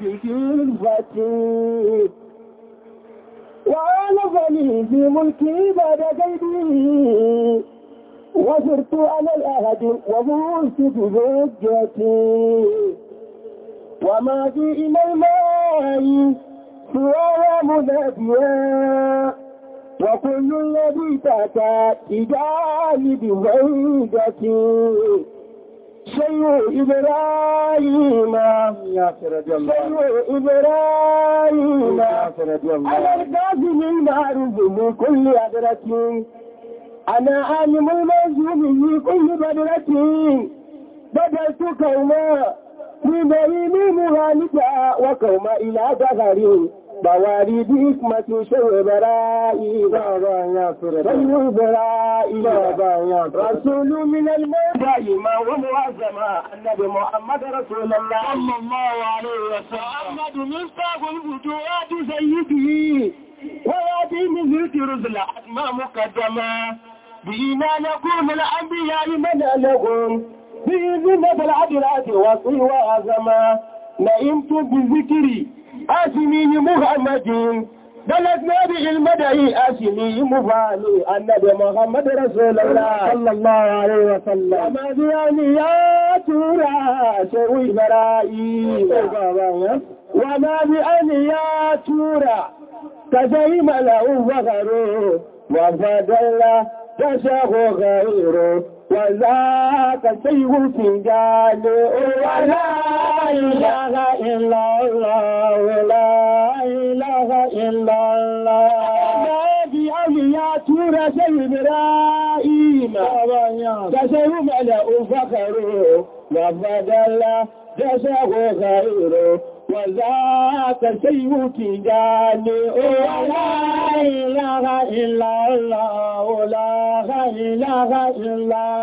وأنا وألفني في ملكي بعد قيدي وزرت على الأهد وبوست بزوجتي وما في إلى الماء سوى مناديا وكل الذي تاتى بجانب زوجتي ṣeyò Ibrahima ṣeyò Ibrahima alẹ́gbẹ́gbẹ́ ní àrùgbùmí kó lè àdẹ́rẹ́kí àmà àmì mọ́lẹ́ ìṣúlù yìí kó lè bẹ̀rẹ̀kí bẹ́bẹ̀ tó kàùmọ́ ní mẹ́rin mímú wa nípa wakàùmọ́ ilẹ̀ àgbàgbàrí بواري بحكمة شو برائي بابا يا شو برائي بابا يا رسول من الموضع ما هو معظمة النبي محمد رسول الله صلى الله عليه وسلم محمد مصطفى الوجوهات سيده ويأتي من ذلك رسل ما مقدمة بإنا نقوم الأنبياء من لهم بإذن بالعدلات وصي وعظمة نئمت بذكري أسمي محمد بلغنا نبي المدعي آسمي مفعل النبي محمد رسول الله صلى الله عليه وسلم ومذيان يا ترى سوي برائي وما بأن يا ترى تزيم له وغره الله تشاه غيره وذاك شيء في جاله ولا إله إلا الله لا إله إلا الله نادي أولياء تورى شيء إبراهيم كشيء ملأ فخره وفضل كشيء خيره وذاك شيء تجاني ولا إله إلا الله لا إله إلا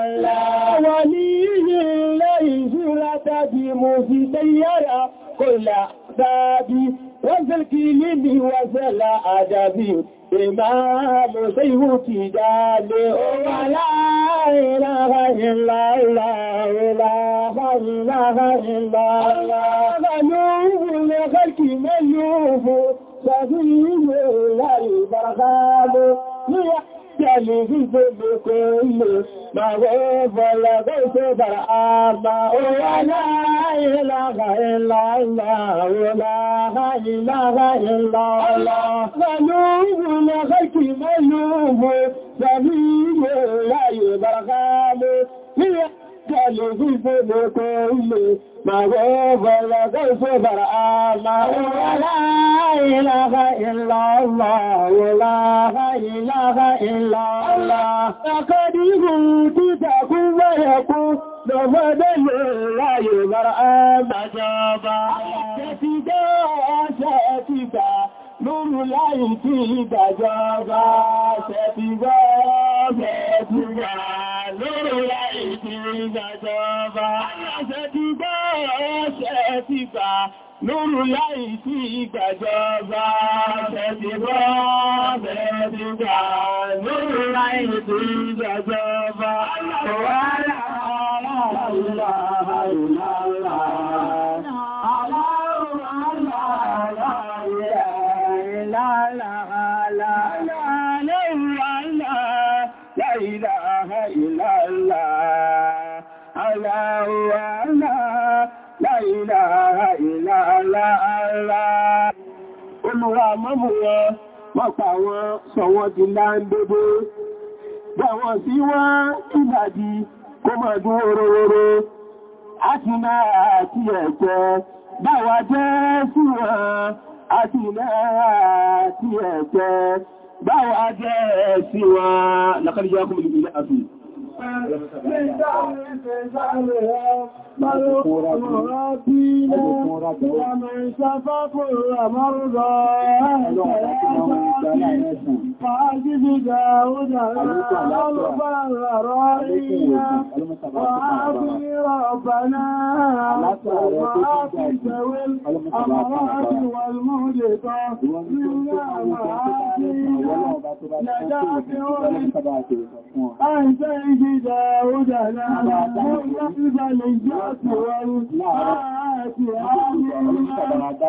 الله ولي الله سورة سيارة كل بابي وزكيني وزل أدبي إمام سيوك جالي ولا إله إلا الله إله إله إلا الله ملوف لخلق ملوف سبيل الله البرهام يلهزم كل ما بلغت برآما ولا إله إلا الله ولا إله إلا الله ملوم لغيك ملوم سميم لا يبرغام كالجبل كله مغوب لك صبر آمر ولا إله إلا الله ولا إله إلا الله لقد كنت تكون ويكون لفد لا يبرأ مجابا تفدا شأتك lóòrùn láyé tí ìgbàjọba ṣẹ̀tìgbà ṣẹ̀tìgbà lóòrùn láyé tí ìgbàjọba ṣẹ̀tìgbà ṣẹ̀tìgbà lóòrùn láyé tí ìgbàjọba ṣẹ̀tìgbà ṣẹ̀tìgbà lóòrùn láyé tí ìgbàjọba ṣẹ̀tìgbà Olúwa mọ́mù wọn, wọ́n pa wọn sọ wọ́n ti lá ń dédé. Bẹ̀wọ̀n sí wọ́n ìbàdí kó mọ̀ dún oróróró, á ti máa àti ẹ̀kọ́, báwa jẹ́ sí wọn àti ìmáà tí ẹ̀jẹ́ báwo a jẹ́ sí wa lakọ́díjá kúmù ìgbìlẹ̀ àfihàn من دعم انتزالها ملوك مرابينا ومن شفى كل مرضى فعجب داود الألف الرائينا وعافي ربنا وعافي ذوي الأمراض والمهدقة منا معانينا نجاك أنت إجابة إذا هدنا وإذا نجات والمعات وأنت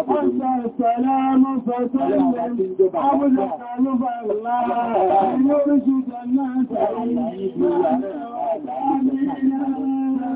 السلام فسلم أبدا قلب الله يرشد الناس إلى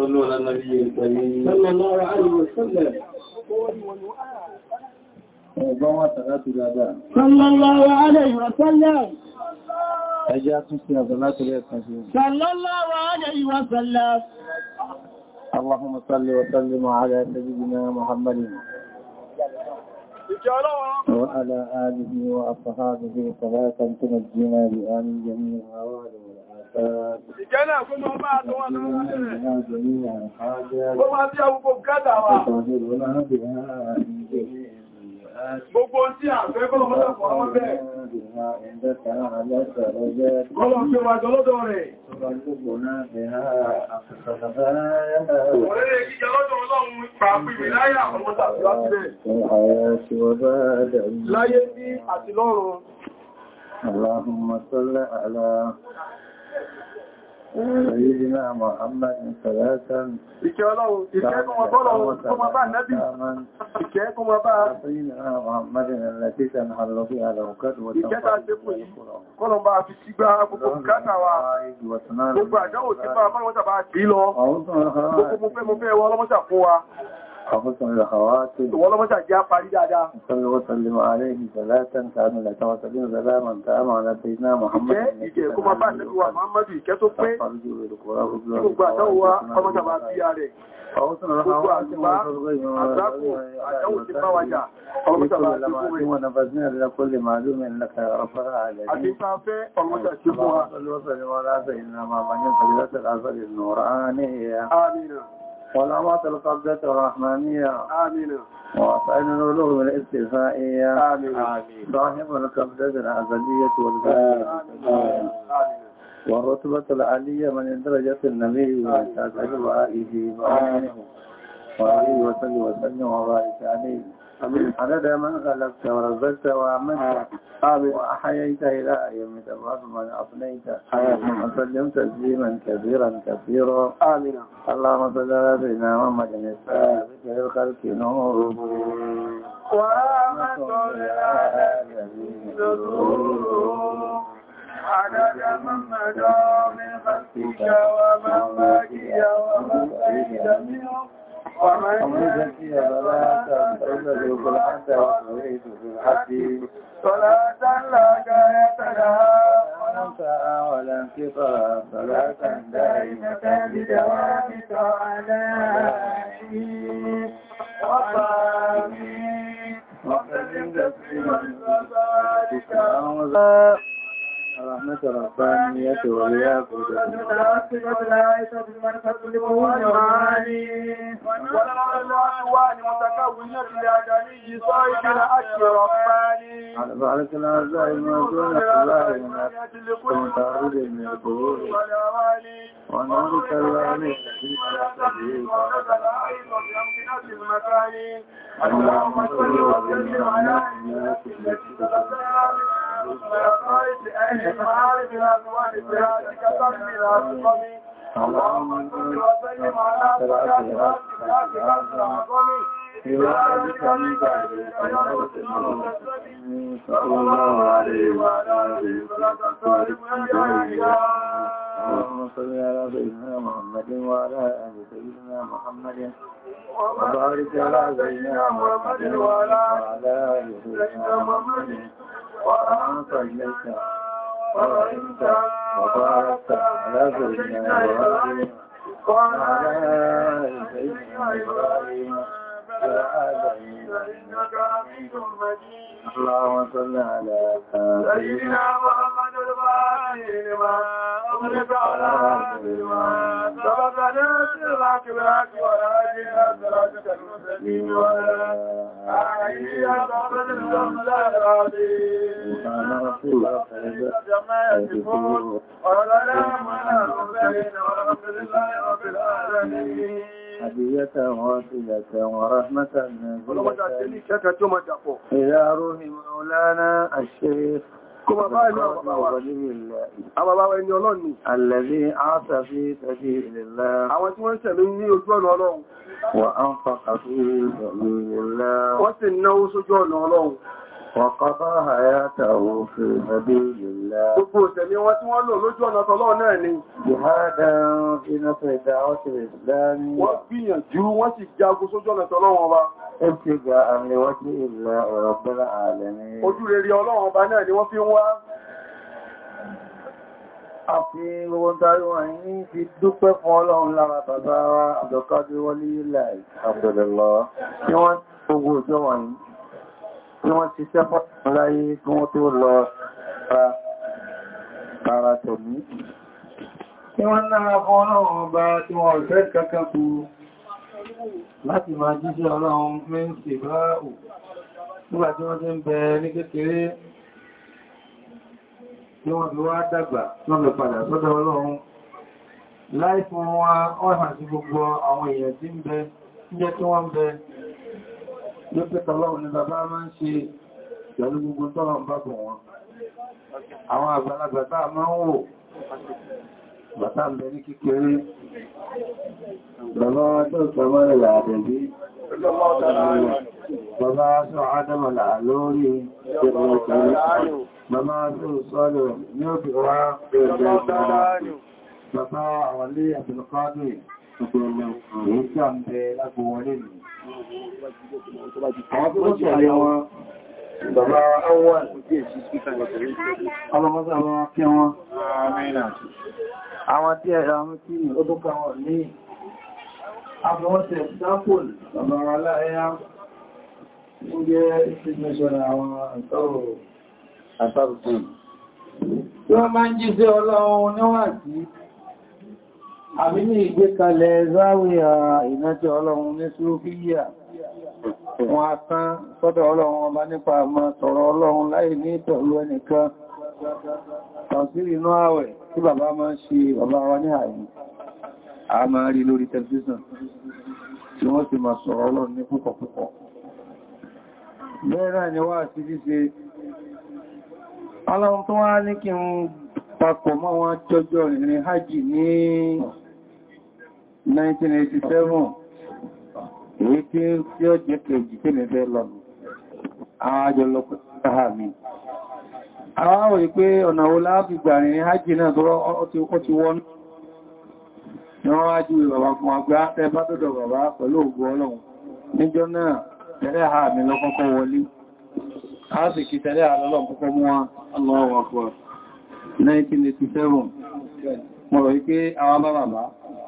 صلوا على النبي الكريم صلى الله عليه وسلم صلى الله عليه وسلم صلى الله عليه وسلم اللهم صل وسلم على سيدنا محمد وعلى آله وأصحابه صلاة تنجينا بآمن جميعا وعلى Ìjẹ́nà kó mọ́ bá àtọwà lọ́wọ́ rẹ̀. Ó máa tí a gbogbo gádà wà. Gbogbo tí a fẹ́ bọ́ ọmọdọ̀pọ̀ ọmọ bẹ́ẹ̀. Kọ́lọ̀ fi wà jọlọ́dọ̀ rẹ̀. Òrẹ́rẹ́ ìjẹ́ lọ́dọ̀ ọlọ́run pàápìrì láyà ọmọdà láti rẹ̀. Láyé bí àti lọ́run. Allahumma salli ala سيدنا محمد ثلاثا إكيالو إكيالكم وطلعوا إكيالكم وباء النبي إكيالكم وباء سيدنا محمد التي تنحل فيها الأوقات وتنحل kọ́lọ̀n bá fi sígbá gbogbo bùkátà wa gbogbo àjọ́ òsìnbá mọ́lọ́mọ́sà bá kìí lọ gbogbo mú fẹ́ mú fẹ́ wọ́n lọ́mọ́sà fún wa وحسن الخواتم والله مش هجيها فريدة ده صلى وسلم عليه صلاة كاملة وسلم سلاما تاما على سيدنا محمد ìjẹ́ kó bá bá ìlú wa Muhammadu ìkẹ́ tó pé gbogbo àtọ́wà ọmọdàbà bí i rẹ̀ gbogbo àtìbá àtàkù àtàwù ti bá wájà ọmọdàbà àti fún rẹ̀ والأمات القبضة الرحمنية آمين وأسعد الولوغ الاستفائية آمين صاحب القبضة العزلية والباقية آمين والرتبة العالية من درجة النبي وعلى آله وآله وصلي وسلم وبارك عليه أمين دائما من خلقت ورزقت وعملت آه. آمين وأحييت إلى يوم تبعث من أفنيت وسلم تسليما كثيرا كثيرا آمين اللهم صل على سيدنا محمد الثابت للخلق نور ورحمة لله عدد من مدى من خلقك ومن باقي ومن سيد منه ومن زكي فلا تنتظر بالحد وتريد بالحد صلاة لا غاية لها ونمتع ولا انقطاع صلاة دائمة بدوام طعنائي وطعامي وسلم تسليما وبارك رحمة ربانية وليا قدر متعصبة لا يتضمن تطلبه المعاني ونرى الألوان متكونة لأجلي صاحب الحق رباني على فعلة الأعزاء الموزونة الله من المتعرض من القبور ونور كلامي اللهم صل وسلم على الناس التي تتسلم اللهم صل وسلم على سيدنا محمد برحمتك من بعدك يا رب صلى الله عليه وعلى آله وصحبه وسلم اللهم صل على سيدنا محمد وعلى آل سيدنا محمد وبارك على سيدنا محمد وعلى آل سيدنا محمد وأنت صليت ورحمت وباركت على سيدنا إبراهيم وعلى آل سيدنا إبراهيم العالمين إنك حميد مجيد اللهم صل على سيدنا محمد الفاتح لما أغلق على لما سبق نسرك بك وراجنا سراتك المسلمين ولا أعيني أصحابنا الأملاء العظيم سبحان رسول الله جمع يصفون ولنا من أمرين والحمد لله رب العالمين هدية واصلة ورحمة نازلة إلى روح مولانا الشيخ Kọba báyìí ní àwọn bàbá wa. Àwọn bàbá wa ẹni ọlọ́run ni. Àlẹ́bí àṣà fi tẹ́jì ìrìnlẹ́. Àwọn tí wọ́n ṣẹ̀lú ní ojú ọ̀nà ọlọ́run. Wà á ń fa kàfí ìrìnlẹ́. Wọ́n sì náwó sójú ọ̀nà ọlọ́run. Wọ̀kọ́kọ́ àyàtà òfin ẹbí ìlà. Gbogbo òṣèlú wọn tí wọ́n lò lójú ọ̀nà tọ́lọ́ náà ni. Jìhádà iná fẹ̀dà ọ̀tẹ̀ ìsìlámi. Wọ́n gbìyànjú wọ́n sì jagun sójú ọ̀nà tọ́lọ́ wọn bá. Ẹ ti gba àmì wọ́n tí ìlà ọ̀rọ̀ bẹ́rẹ̀ àlẹ́ni. Ojú rere Àfi gbogbo tàrí wọn ní fi dúpẹ́ fún Ọlọ́run lára bàbá wa Abdulkadir Wálíyìí láì Abdullah. Kí wọ́n gbogbo ìjọ wọ̀nyí tí wọ́n ti sẹ́fọ́ láyé tí wọ́n tó lọ ra ara tẹ̀mí tí wọ́n náà fọ́ ọlọ́run bá tí wọ́n ọ̀fẹ́ kankan kú láti máa jíṣẹ́ ọlọ́run mẹ́ǹsì bá ò nígbà tí wọ́n ti ń bẹ ní kékeré tí wọ́n fi wá dàgbà lọ́lọ́ padà sọ́dọ̀ ọlọ́run láìfún ló pẹ́ tọ́lọ́run ni bàbá máa ń ṣe pẹ̀lú gbogbo tọ́lọ́run bá bọ̀ wọn àwọn àgbàlagbà tá máa ń wò bàtà ń bẹ ní kékeré bàbá wa tó tọ́mọ́ rẹ̀ àdẹ̀bí bàbá wa sọ ádámàlà lórí ìrìnlẹ̀ bàbá wa sọ sọ́lọ̀ ní òbí wá ìrìnlẹ̀ bàbá àwọn ilé àbìlọ́kádùn ìgbẹ̀lẹ̀ ìrìnlẹ̀ Àwọn tó tẹ̀lé wọn, bàbá àwọn àti èsì síkà lọ́tẹ̀lé. Ọlọ́mọ́sá àwọn akẹ́ wọn. Àwọn tí ẹ̀rọ àwọn tí ọdún kan wọ̀ ní àfọwọ́sẹ̀ Dápòl, bàbá wọn aláẹ́yá, ń jẹ́ ìsìnkú àwọn àtàrùkù. Tí wọ́n máa ń jí sí ọlọ́run níwàtí àbí ní ìgbékalẹ̀ záwíyà ìnájẹ́ ọlọ́run ní súrúfíyà wọn a tán sọ́dọ̀ ọlọ́run ọba nípa àmà sọ̀rọ̀ ọlọ́run láì ní ìtọ̀lú ẹnìkan tàbí inú ààwẹ̀ tí bàbá máa ń ṣe bàbá wa ní ààrùn a máa rí lórí tẹlifíṣàn tí wọ́n sì máa sọ̀rọ̀ ọlọ́run ní púpọ̀ púpọ̀ ni 1987 èyí tí tí ó jẹ́ kejì àwọn mi ọ̀nà wo láàbì gbàrin hajji náà tó ó ti wọ́n ní wọ́n bàbá kan àgbà bàbá pẹ̀lú ọlọ́run níjọ́ náà tẹ́lẹ̀ mi lọ́kọ́kọ́ wọlé a sì kí tẹ́lẹ̀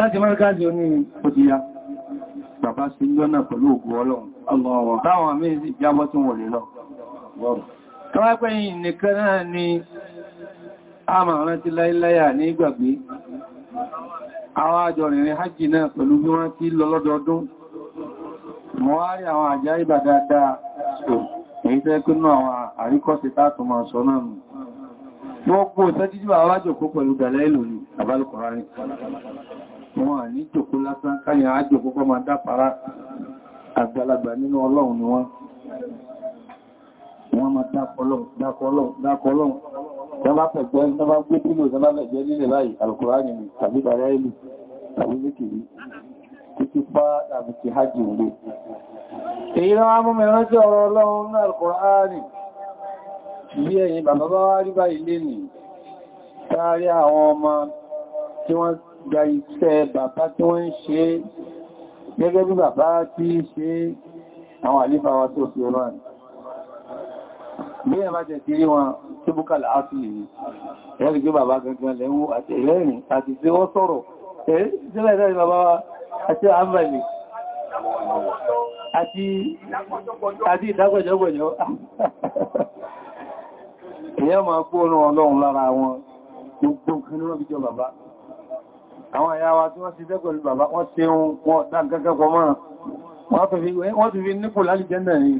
láti mọ́ríkájì oní òjìyà bàbá sí lọ́nà pẹ̀lú ògùn ọlọ́run táwọn àmì ìjábọ́ tí wọ́n lè lọ tọ́wọ́pẹ́yìn nìkan náà ni a máa rántí láíláyà ní ìgbàgbé àwọn àjọ rìnrìn hajji náà pẹ̀lú bí wọ́n ti lọ lọ́dọọdún àwọn àjá ìbà dáadáa èyí tẹ́ kí àwọn àríkọ́sí sọ náà nù ìtẹ́jíjú àwọn àjò kó pẹ̀lú wọn ní jòkó lásán káyà ájòkó kọ́ máa dápara àgbàlagbà nínú ọlọ́run ni wọ́n wọ́n máa dákọlọ́ dákọlọ́ dákọlọ́ tọ́bá pẹ̀gbẹ́ tọ́bá gbé pílò tọ́bá pẹ̀gbẹ́ nílẹ̀ láì alukùránì tàbí bàrẹ́ ìlú tàbí lékìrí títí fá tàbí ti hajji ìlú èyí náà mú mẹ́rán sí ọ̀rọ̀ ọlọ́run náà alukùránì bí ẹ̀yìn bàbá bá wá rí báyìí lé nì táàrí àwọn ọmọ tí wọ́n gba iṣẹ́ bàbá tí wọ́n ń ṣe gẹ́gẹ́ bí bàbá tí ṣe àwọn àlífà wa tó fi ọlọ́rọ̀ bí ẹ̀bá jẹ́ kiri wọn tó búkàlà áti yìí ẹ̀rì gbé bàbá gangan lẹ́wọ́ àti ẹ̀rẹ́rìn àti tí wọ́n sọ̀rọ̀ àti ìdágbẹ̀jọ́gbẹ̀jọ́ èyàn máa kó ọlọ́run lára wọn gbogbo nǹkan ní wọ́n bí jọ bàbá àwọn àyà wa tí wọ́n ti dẹ́ pẹ̀lú bàbá wọ́n ṣe wọn dá gẹ́gẹ́ pọ̀ mọ́ wọ́n tó fi nípò lálìjẹ́ndà ní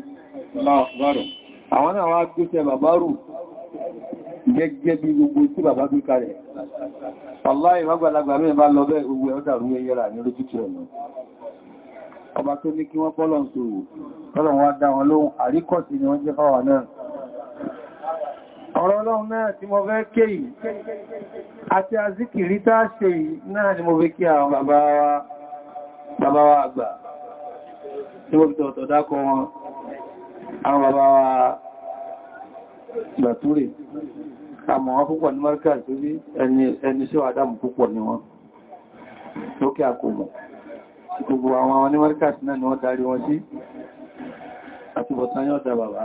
àwọn náà wá gbéṣẹ́ bàbá rù gẹ́gẹ́ bí gbogbo tí bàbá gbé kalẹ̀ Wallahi ìwágbàlagbà mẹ́rin bá lọ bẹ́ owó ẹ̀ọ́dà rú ẹyẹra ní lójútù ẹ̀nà ọba tó ní kí wọ́n pọ́lọ̀ ń sòrò tọ́lọ̀ wọn dá wọn lóhun àríkọ̀sí ni wọ́n jẹ́ fáwà náà ọ̀rọ̀ ọlọ́run náà tí mo fẹ́ ké yìí àti azíkìrí tá ṣe yìí náà ni mo fẹ́ kí àwọn bàbá wa àgbà tí mo fi tọ̀tọ̀ dákọ wọn àwọn bàbá wa gbàtúrè àmọ́ wọn púpọ̀ ní márkà tó bí ẹni sí àdámù púpọ̀ ní wọn lókè àkómọ̀ gbogbo àwọn onímárkà náà ni wọ́n darí wọn sí àti yóò dá bàbá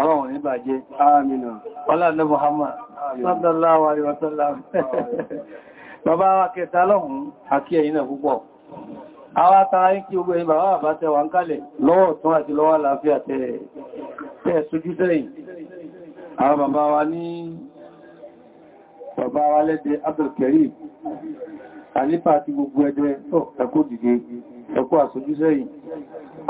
àwọn òní bàjẹ́ àmìnà ọlọ́dún Muhammad sallallahu alaihi wasallam bàbá wa kẹta lọ́hun àkí ẹ̀yìn náà púpọ̀ àwọn atara ń kí ogun ẹ̀yìn bàbá bàbá tẹwà ń kálẹ̀ lọ́wọ́ tún àti lọ́wọ́ àlàáfíà tẹ́ sojú sẹ́yìn àwọn bàbá wa ní bàbá wa lẹ́dẹ Abdulkarim ànípa àti gbogbo ẹgbẹ́ ẹ̀kọ́ dìde ẹ̀kọ́ sẹ́yìn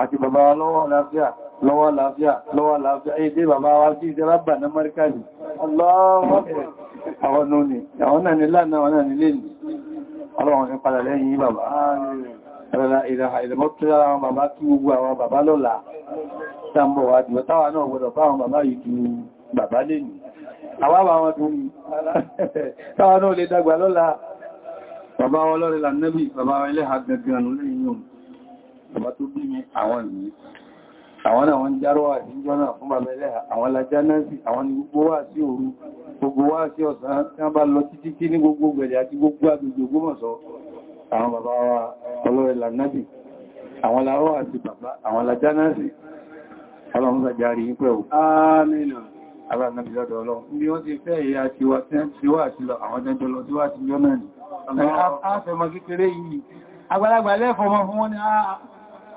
àti bàbá wa lọ́wọ́ àlàáfíà lọ́wọ́ láàfíà lọ́wọ́ láàfíà èdè bàbá wa kí ìjẹ́rábà ní amẹ́ríkà ní àwọn òní àwọn náà ní lánàá àwọn náà nílé ní ọlọ́run ní padà lẹ́yìn bàbá rẹ̀lá ìrẹ̀hà ìrẹ̀mọ́tíra àwọn bàbá kí gbogbo àwọn bàbá lọ́la tàbí wà jùlọ táwà náà gbọdọ̀ bá àwọn bàbá yìí ju bàbá lè ní àwọn àwọn dùn táwà náà lè dàgbà lọ́la àwọn náà wọ́n járọ́wà níjọ́ náà fún bàbá ẹlẹ́ha àwọn lajá náà sí àwọn ni gbogbo wá sí òru gbogbo wá sí ọ̀sán tí wọ́n bá lọ títí kí ní gbogbo gbẹ̀rẹ̀ àti gbogbo agbègbè Ògbómọ̀ṣọ́ àwọn bàbá wa ọlọ́rẹ̀ lànàbì àwọn lárọ́ àti bàbá àwọn lajá náà sí ọlọ́run sàjárí yí pẹ̀wò àmìnà alánàbì lọ́dọ̀ ọlọ́run bí wọ́n ti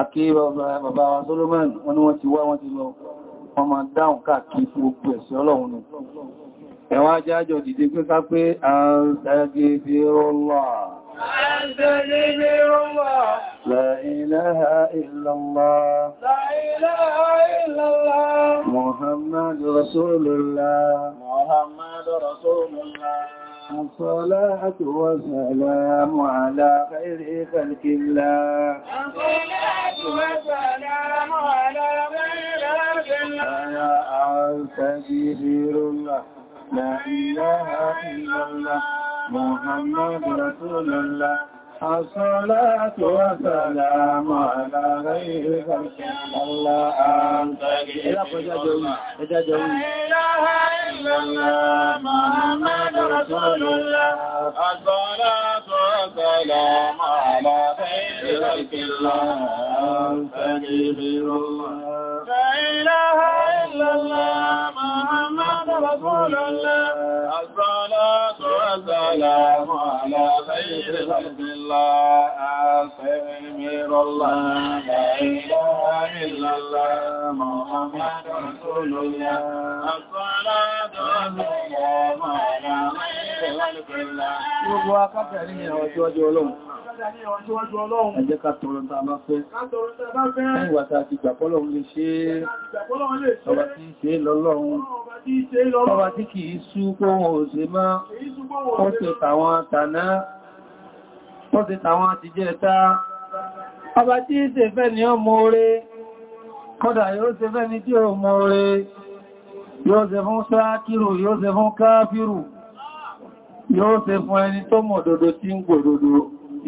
àti bàbá wa Solomon wọn ni wọ́n ti wá wọ́n ti lọ wọ́n máa dáhùn káàkiri fún gbogbo ẹ̀sẹ̀ ọlọ́run ni ẹwà jájọ dìde pé ká pé àgbẹ̀bẹ̀rọ̀lá illallah La illallah Muhammadu Rasulullah Muhammad Rasulullah الصلاة والسلام على خير خلق الله الصلاة والسلام على خير خلق الله يا أستغفر الله لا إله إلا الله محمد رسول الله الصلاة والسلام على غير خلق الله أنت إلى قجاجهم قجاجهم illallah Muhammadur Rasulullah As-salatu wassalamu ala khayri khalqillah Astaghfirullah La ilaha illallah Muhammadur Rasulullah As-salatu wassalamu ala الحمد لله أستغفر الله لا إله إلا الله محمد رسول الله الصلاة والسلام على خير الله Gbogbo akápẹ̀ ní ìyàwó tí wọ́n jẹ́ ọlọ́run. Ẹ jẹ́ ká tọrọ ta bá fẹ́. Ẹ̀yìn wàtà ti gbàpọ́lọ̀un lè ṣe é. Ọba tí ń ṣe lọ́lọ́run. Ọba tí kìí sú kó wọn ò ṣe máa, ó ṣe tàwọn tànáà wọ́n ti tàwọn àti jẹ́ ta ọba tí í ṣe fẹ́ ni ó mọ́ orí kọ́dà yóò ṣe fẹ́ ni tí ó mọ́ orí yóò ṣe fún sáàkìrù yóò ṣe fún káàfìrù yóò ṣe fún ẹni tó mọ̀ òdodo tí ń gbòdodo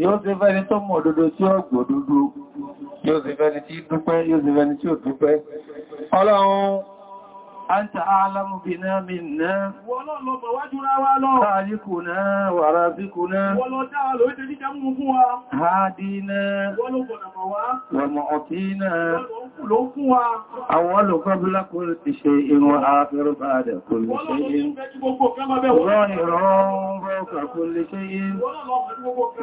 yóò ṣe fẹ́ ni tó mọ̀ òdodo tí ó gbòdodo yóò ṣe fẹ́ ni tí dúpẹ́ yóò ṣe fẹ́ ni tí ò dúpẹ́ ọlọ́run أنت أعلم بنا منا خالقنا ورازقنا هادينا ومعطينا أول قبل كل شيء وآخر بعد كل شيء ظاهرا فوق كل شيء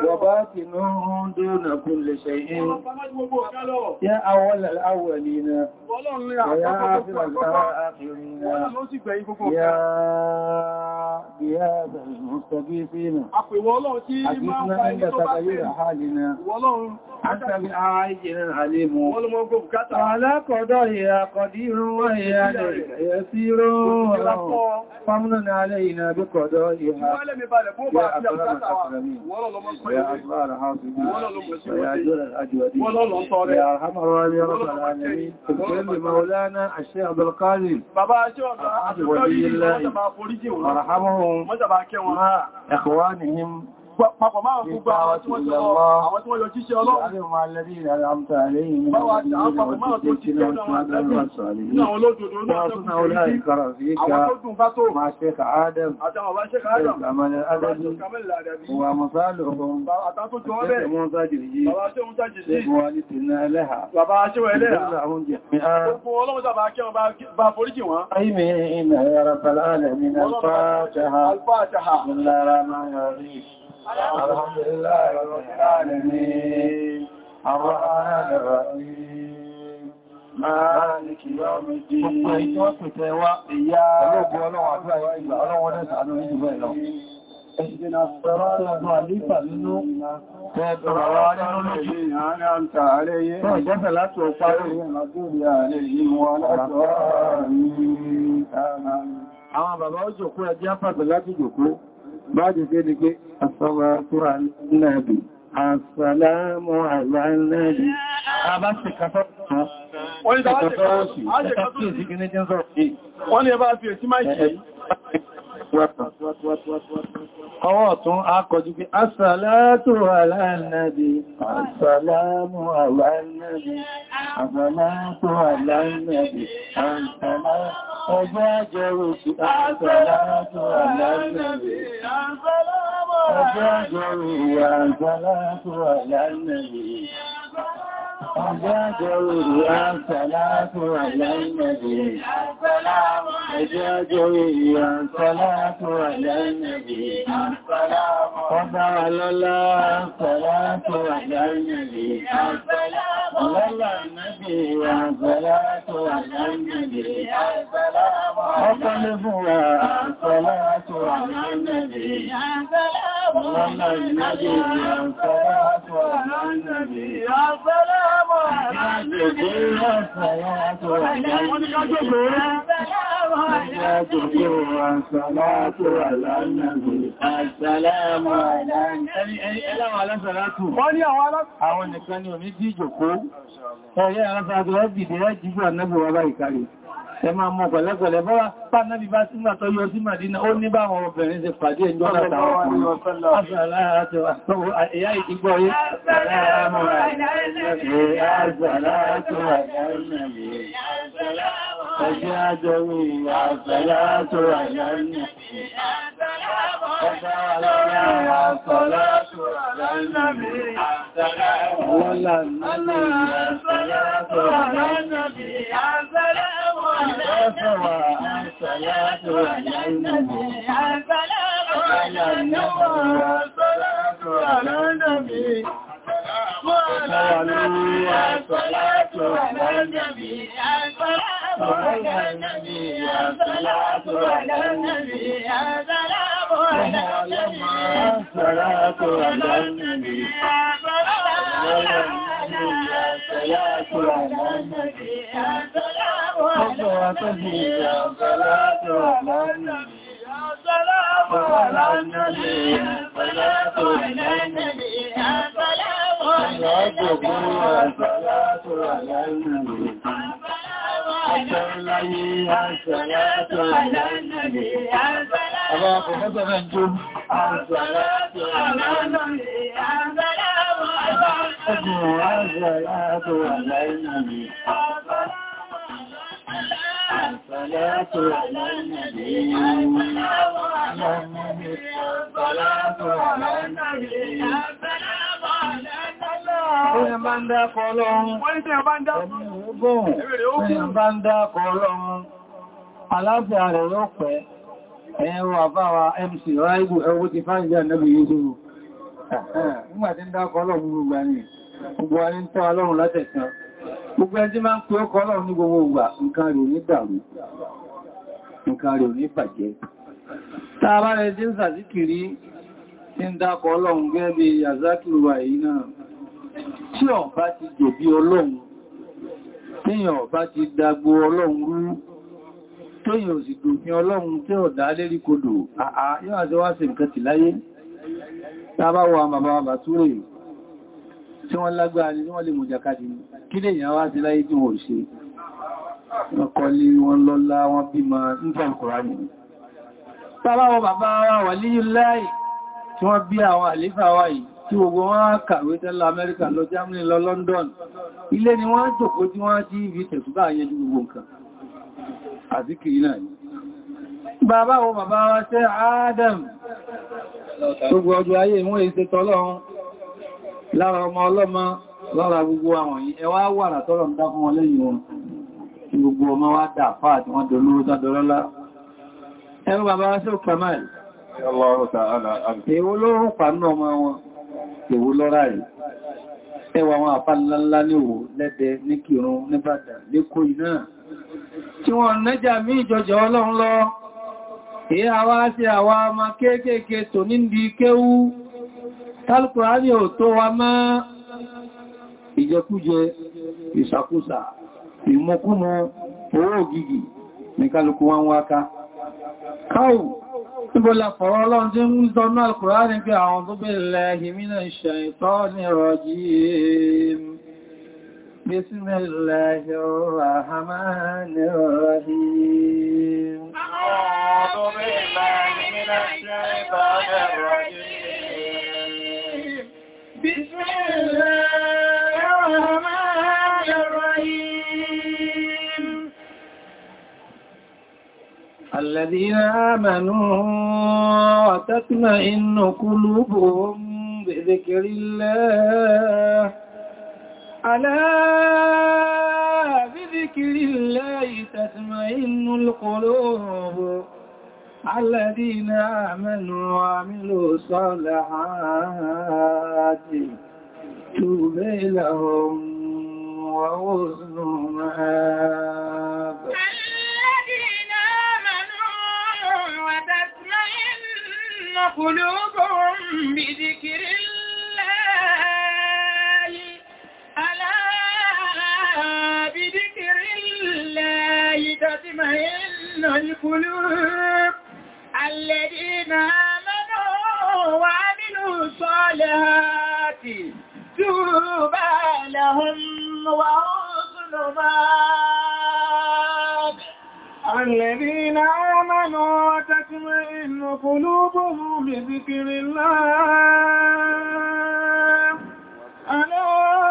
وباطن دون كل شيء يا أول الأولين ويا آخر الآخرين بهذا المستغيثين أقفنا عند تغيير حالنا حتى بآينا العليم على قضايا قدير وهي عليك يسير فمن علينا بقضائها يا أكرم الأكرمين يا أكبر حاصمين يا أجل الأجودين يا أرحم الراحمين يا رب العالمين مولانا الشيخ عبد القادر bàbá aṣọ́ ọ̀gá àti ìwọ̀lẹ̀ ilẹ̀ ìràhámọ́rún ẹ̀kọ̀wá nìyí papọ̀ máa gbogbo àwọn tí wọ́n yọ jíṣẹ́ ọlọ́run. Báwa àti àwọn papọ̀ máa tó jíṣẹ́ ọlọ́run àti àwọn olódodo náà tó kìí. Àwọn tó dùn bá tó. Máa ṣe ka Adam. Àtàwọn bá ṣe ka Adam. Àmàlẹ̀ Adẹ́bí. Wà Mùsàlù ọ̀gbọ̀n. Àtàwọn tó jọ bẹ́ẹ̀. Ṣé mọ́ sájì yìí. Bàbá ṣe mọ́ sájì yìí. Ṣé mọ́ alì tìǹà ẹlẹ́hà. Bàbá ṣe wọ ẹlẹ́hà. Gbogbo ọlọ́run tàbá kí wọn bá foríjì wọn. Àìmì ìnà ẹ̀rọ pẹ̀lú àlẹ̀ mi náà fàájá. Alfáàjá. Ìlàrá máa yọrí. الحمد لله رب العالمين الرحمن الرحيم مالك يوم الدين اهدنا الصراط المستقيم صراط الذين أنعمت عليهم غير عليهم ولا الضالين آمين àwọn bàbá ó jòkó ẹjẹ́ pàtàkì láti jòkó بعد ذلك الصلاة على النبي السلام على النبي أبس كفرها وإذا كفرها وإذا كفرها وإذا كفرها Ọwọ́ ọ̀tún akọjú pé, Asàlátù aláàrínàbí, Asàlámù aláàrínàbí, Asàlátù aláàrínàbí, Asàlátù ọjọ́ àjẹ́rò sí Asàlátù aláàrínàbí, Asàlámù aláàrínàbí, Asàlátù aláàrínàbí, أجاجوا إياه صلاة على النبي أجاجوا إياه صلاة على النبي وضع لله صلاة على النبي لله النبي صلاة على النبي وطلبها صلاة على النبي لله النبي صلاة Wọ́n ní àwọn nìkan ni ò ní dí ìjòkó, ẹ̀yẹ́ aláṣàdọ̀ ẹgbìdẹ̀ ẹgbìdẹ̀ ànábì wa bá ìkàrí ẹ máa mọ̀ pẹ̀lẹ́pẹ̀lẹ́ bọ́wá pàdánàbí bá sí ìgbà tó yọ sí Màdínà ó ní bá àwọn obìnrin ṣe pàdé ẹjọ́ látàwọn ọkùnrin Ẹjẹ́ àjọrí àṣàlátò àyànnà. Ọjọ́ aláwọ̀ àṣàlátò àyànnà mi. Àṣàlátò àyànnà mi. Àṣàlátò àyànnà mi. Àṣàlátò الصلاة على النبي السلام على النبي الصلاة على على النبي صل وسلم صلاة على النبي سلام على النبي صلاة على النبي سلام على النبي صلاة على النبي الصلاة على النبي الله حسن الجم الصلاة على النبي الصلاة على النبي الصلاة على النبي الصلاة على النبي Èèyàn bá ń dákọ̀ ọlọ́run, ẹni ogún, èèyàn bá ń dákọ̀ ọlọ́run, aláàbẹ̀ rẹ̀ yóò pẹ́, ẹ̀rọ àbáwa MC Ráìgù ẹwọ́ ti fáìlì ànẹ́bì yóò Gbogbo ẹjí máa ń pè ó kọ́ lọ́run ní gbogbo ìgbà, nǹkan rẹ̀ ò ní dàrú, nǹkan rẹ̀ ò ní bàjẹ́. Tàbá rẹ̀ jí ń sàzíkìrí tí ń dákọ̀ ọlọ́run gẹ́ bí àzákìrúwà yìí náà. Tí ọ̀bá ti jẹ̀bi ọlọ́run, tíyàn ọ̀bá ti dagbo ọlọ́run rú, tóyàn òsì dòfin ọlọ́run tí ọ̀dá tí wọ́n lágbára ní wọ́n lè mọ̀ jàkadì ní kí lè yàn wá sí láyé tí wọ́n ṣe wọ́n kọlé wọn lọ́lá wọn bímọ nípa ìkùránì tàbáwọ bàbá wa wà líyìn láì tí wọ́n bí àwọn àlífà wa yìí tí gbogbo wọn kàwé tẹ́lá Amẹ́ríkà lọ Germany lọ London ilé ni wọ́n jòkó tí wọ́n jí ibi tẹ̀sùbá yẹn ju gbogbo nǹkan àti kìí náà ni bàbá wo bàbá wa ṣe Adam gbogbo ọjọ́ ayé ìwọ̀n èsẹ́ tọ́lọ́run lára ọmọ ọlọ́mọ lára gbogbo àwọn yìí ẹwà wàrà tọ́rọ ń dá fún wọn lẹ́yìn wọn tí gbogbo ọmọ wá dà fáà tí wọ́n dolóró tádọrọ́lá ẹnu bàbá ṣe kàmáì èwo ló rún pàánú ọmọ wọn èwo lọ́rá rẹ̀ ẹwà wọn àpálálá níwò lẹ́dẹ̀ ní kìrún nígbàdà lẹ́kọ́ iná tí èé àwa sí àwa ọmọ kéékèèké tò ní ń kéwú tálùkùránì ò tó wa mọ́ ìjẹkújẹ ìṣàkóṣà ìmọ̀kúnmọ owó ògìgì ní kálùkù wọn wá ká káwù níbọ̀lá fọ̀rọ̀ ọlọ́run tí ń sọ́nà alkùránì pé àwọn tó bèèrè hìmínà ṣaitani rajim Bismillahir Rahmanir Rahim. A'udhu billahi minash shaitanir بسم الله الرحمن الرحيم الذين آمنوا وتطمئن قلوبهم بذكر الله ألا بذكر الله تطمئن القلوب الذين آمنوا وعملوا الصالحات توب لهم وغزن مآب الذين آمنوا وتسمعن قلوبهم بذكر الله ألا بذكر الله تسمعن القلوب الذين آمنوا وعملوا الصالحات توبى لهم وحسن مآب الذين آمنوا وتطمئن قلوبهم بذكر الله ألا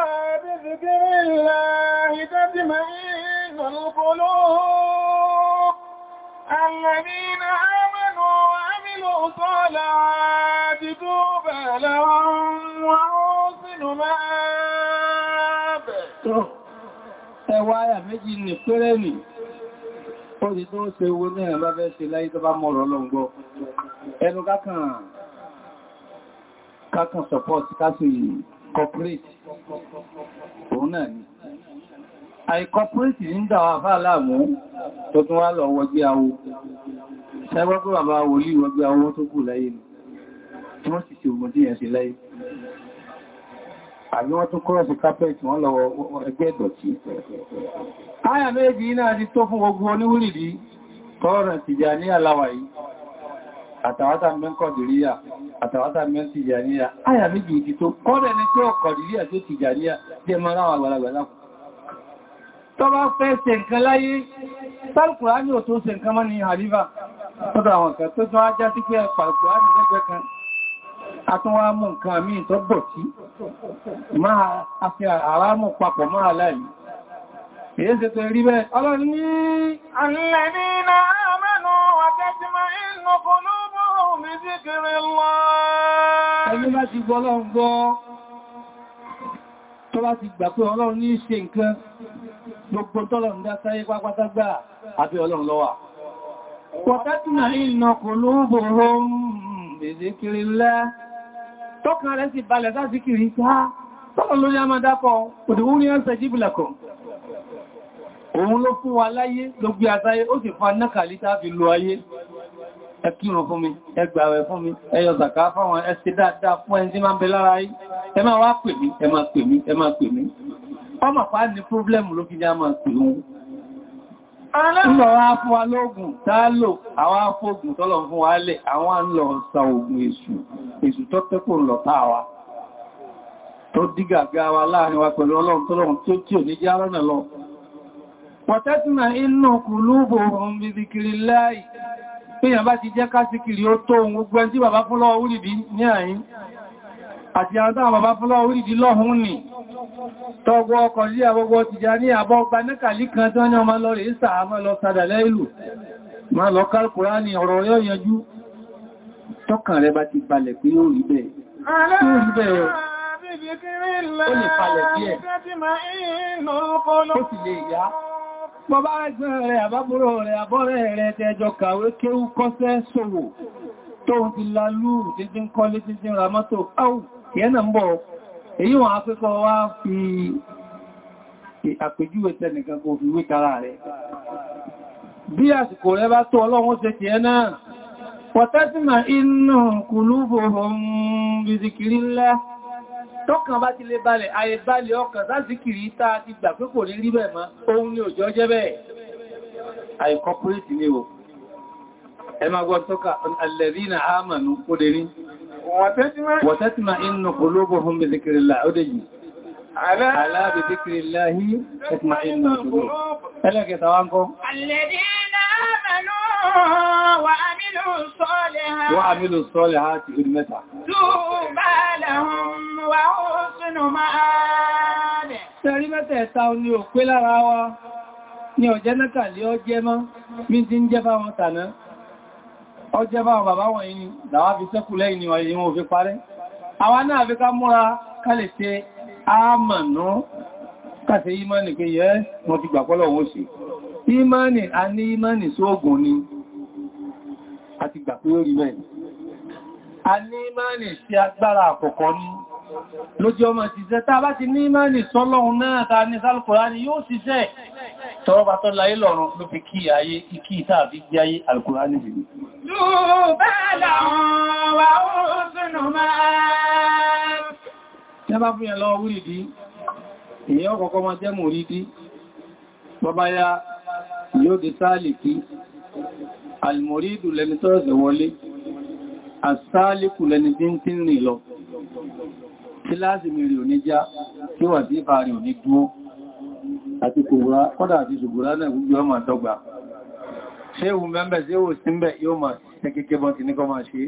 بذكر الله تطمئن القلوب الذين الأوصال عاتبوا بالهم وعوصل مآب Ẹwà ayà méjì ní pẹ́rẹ́ nì, ó ti tó ṣe owó ní ẹ̀bá fẹ́ ṣe láyé tó bá mọ́rọ̀ lọ́gbọ́. Ẹnu kákan, kákan support, kásì corporate, òun náà ni àìkọpúrìtì ń dàwà fà láàmú tó tún wá lọ wọgbé awo ṣẹgbọ́n tó bàbá wòlí wọgbé awo tó kù láyé ni tí wọ́n sì ṣe òmòdí yẹn sí láyé àbí wọ́n tún kọ́rọ̀ sí kápẹ́ẹ̀tì wọ́n lọ ẹgbẹ́ ìdọ̀tí áyà méjì náà ti tó fún gbogbo oníwúrìdí kọ́rọ̀ Tìjàní aláwàyí àtàwátà mẹ́kọ̀dìríyà àtàwátà mẹ́tìjàníyà áyà méjì ti tó kọ́rọ̀ ẹni tí ó kọ̀dìríyà tó Tìjàníyà jẹ́ mọ́ra àwọn àgbàlagbà lápò tó bá fẹ́ ṣe nǹkan láyé sálùkùránì ò tó ṣe nǹkan mọ́ ní àríwá tọ́dọ̀ àwọn kan tó tún ájá sí pé pàlùkùránì lẹ́gbẹ́ kan àtúnwà mú nǹkan àmì ìtọ́bọ̀ tí máa àfi àrámù papọ̀ máa láì èyí ṣe tó rí bẹ́ẹ̀ ọlọ́rin ní alladhina amanu wa tatma'innu gbà pé ọlọ́run ní ṣe nǹkan gbogbo tọ́lọ̀ ń dá sáyé pápátágbà àbí ọlọ́run lọ́wà. Pọ̀tátùnà ìnà kò ló ń bòrò bèzékiri ńlá. Tọ́kàn rẹ̀ sì balẹ̀ sásíkiri ká, tọ́lọ̀ lórí a máa dákọ̀, òdìwú ní ẹ́sẹ̀ jíbìlẹ̀kọ̀. Òun ló fún wa láyé, ló gbé àsáyé, ó sì fa nákàlí tá fi lo ayé. Ẹ kírun fún mi, ẹ fún mi, ẹ zàká fáwọn ẹ ṣe dáadáa fún ẹni tí máa ń bẹ lára yìí. Ẹ máa wá pè mí, ẹ máa pè mí, ẹ máa pè mí ọmọ pa ní pọ́blẹ́mù ló fi ní a máa pè ohun Ìlọ̀ wa fún wa lóògùn tálò, àwọn afóògùn tọ́lọ̀ fún wa lẹ̀, àwọn àlọ̀ ọ̀sà ògùn èṣù, èṣù tó tẹ́kù lọ táà wa, tó dígàgá wa láàrin wa pẹ̀lú ọlọ́run tọ́lọ̀run tó tí ò ní jẹ́ arọ́nà lọ àti àwọn tàà bàbá fúnlọ́ orídìí lọ́hun ni. tọgbọ́ ọkọ̀ sí àbọ́gbọ́ ti já ní àbọ́ ọgbà nẹ́kàlí kan tí wọ́n máa lọ rẹ̀ sáà máa lọ sadà lẹ́ìlú máa lọ kálùkùrá ní ọ̀rọ̀ yóò yanjú tọ́kàn rẹ̀ bá ti balẹ̀ pé ó rí bẹ́ẹ̀ ó lè palẹ̀ díẹ̀ ó sì lè yá bọ́bá ẹgbẹ́ rẹ̀ àbábúrò rẹ̀ ti ń kọ́lé títí yẹ́nà ń bọ̀ èyí wọn afẹ́kọ́ wá fi àpèjúwe tẹnìkan kò fi wé tara rẹ̀ bí àsìkò rẹ̀ bá tó ọlọ́run ṣe kìí náà pọ̀tẹ́sìmà inú kùlúbòhùn bìzìkìrílẹ́ tọ́kàn bá ti lè balẹ̀ ayé balẹ̀ ọkàn sásìkìrí tá a ti gbà pé kò ní rí bẹ́ẹ̀ mọ́ wọ̀tẹ́tìmá inú olóbò fún bí zikirila ọdẹ yìí aláàbì zikirila hí ẹkùnmá inú olóbò ẹlẹ́kẹta wá ń kọ́ wa amilu sọ́lẹ̀ ha ti ìlú mẹ́ta Tẹ́rí mẹ́tẹ̀ẹ̀ta ni ò pé lára wa ni ọ̀jẹ́ ọ jẹ́ bá bàbá wọ̀nyí làwá fi sẹ́kù lẹ́yìn ìwọ̀nyí wọn fi parẹ́ àwa náà fi ká múra kálẹ̀ ṣe ámànú kàṣẹ ìmánì pé yẹ́ wọ́n ti gbà pọ́lọ̀ wọ́n sí ìmánì a ní ìmánì sóògùn ni a ti gbà pé ó rí mẹ́rin a ní ìmánì sí tọ́ọ̀bá tó láyé lọ́run ló fi kí ayé ikí tàbí gbé ayé alkùnránì sí ni. Lúbàdà wà ó sínú máa. Ní bá fún ẹ̀lọ́ wúrìdí, èyàn kọ̀kọ́ máa jẹ́ múrídí, bọ́bá ya yóò di sáàlìkí, alìmọ̀rídù lẹni tó ẹ̀sẹ̀ wọlé, àsáàlìkù lẹni tí ń tí ń rìn lọ, kíláàsì mìírì ò àti kògbòrá kọ́dà àti ṣògbòrá náà gbogbo ọmọ àtọ́gbà ṣe ìwò mẹ́mẹ́ sí ìwò símbẹ̀ yóò máa ṣe kéèké bọ́n ti ní kọ́ máa ṣe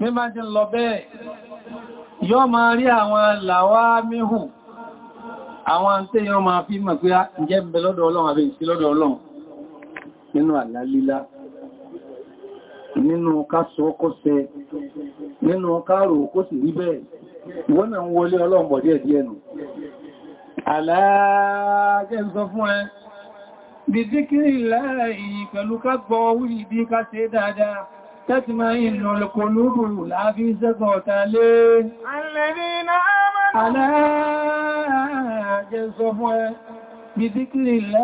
mí máa ti lọ bẹ́ẹ̀ yóò máa rí àwọn làwá míhù àwọn tẹ́ yóò máa fi mọ̀ pé ǹjẹ́ ń bẹ aláàjẹ́ ń sọ fún ẹ bí díkìrì láàrin pẹ̀lú ká gbọ́ orí bí ká ṣe dáadáa tẹ́tì máa ń lọ lọ́kọlúbù láàbí sẹ́kọ̀ ọ̀tà lé aláàjẹ́ ń sọ láàbí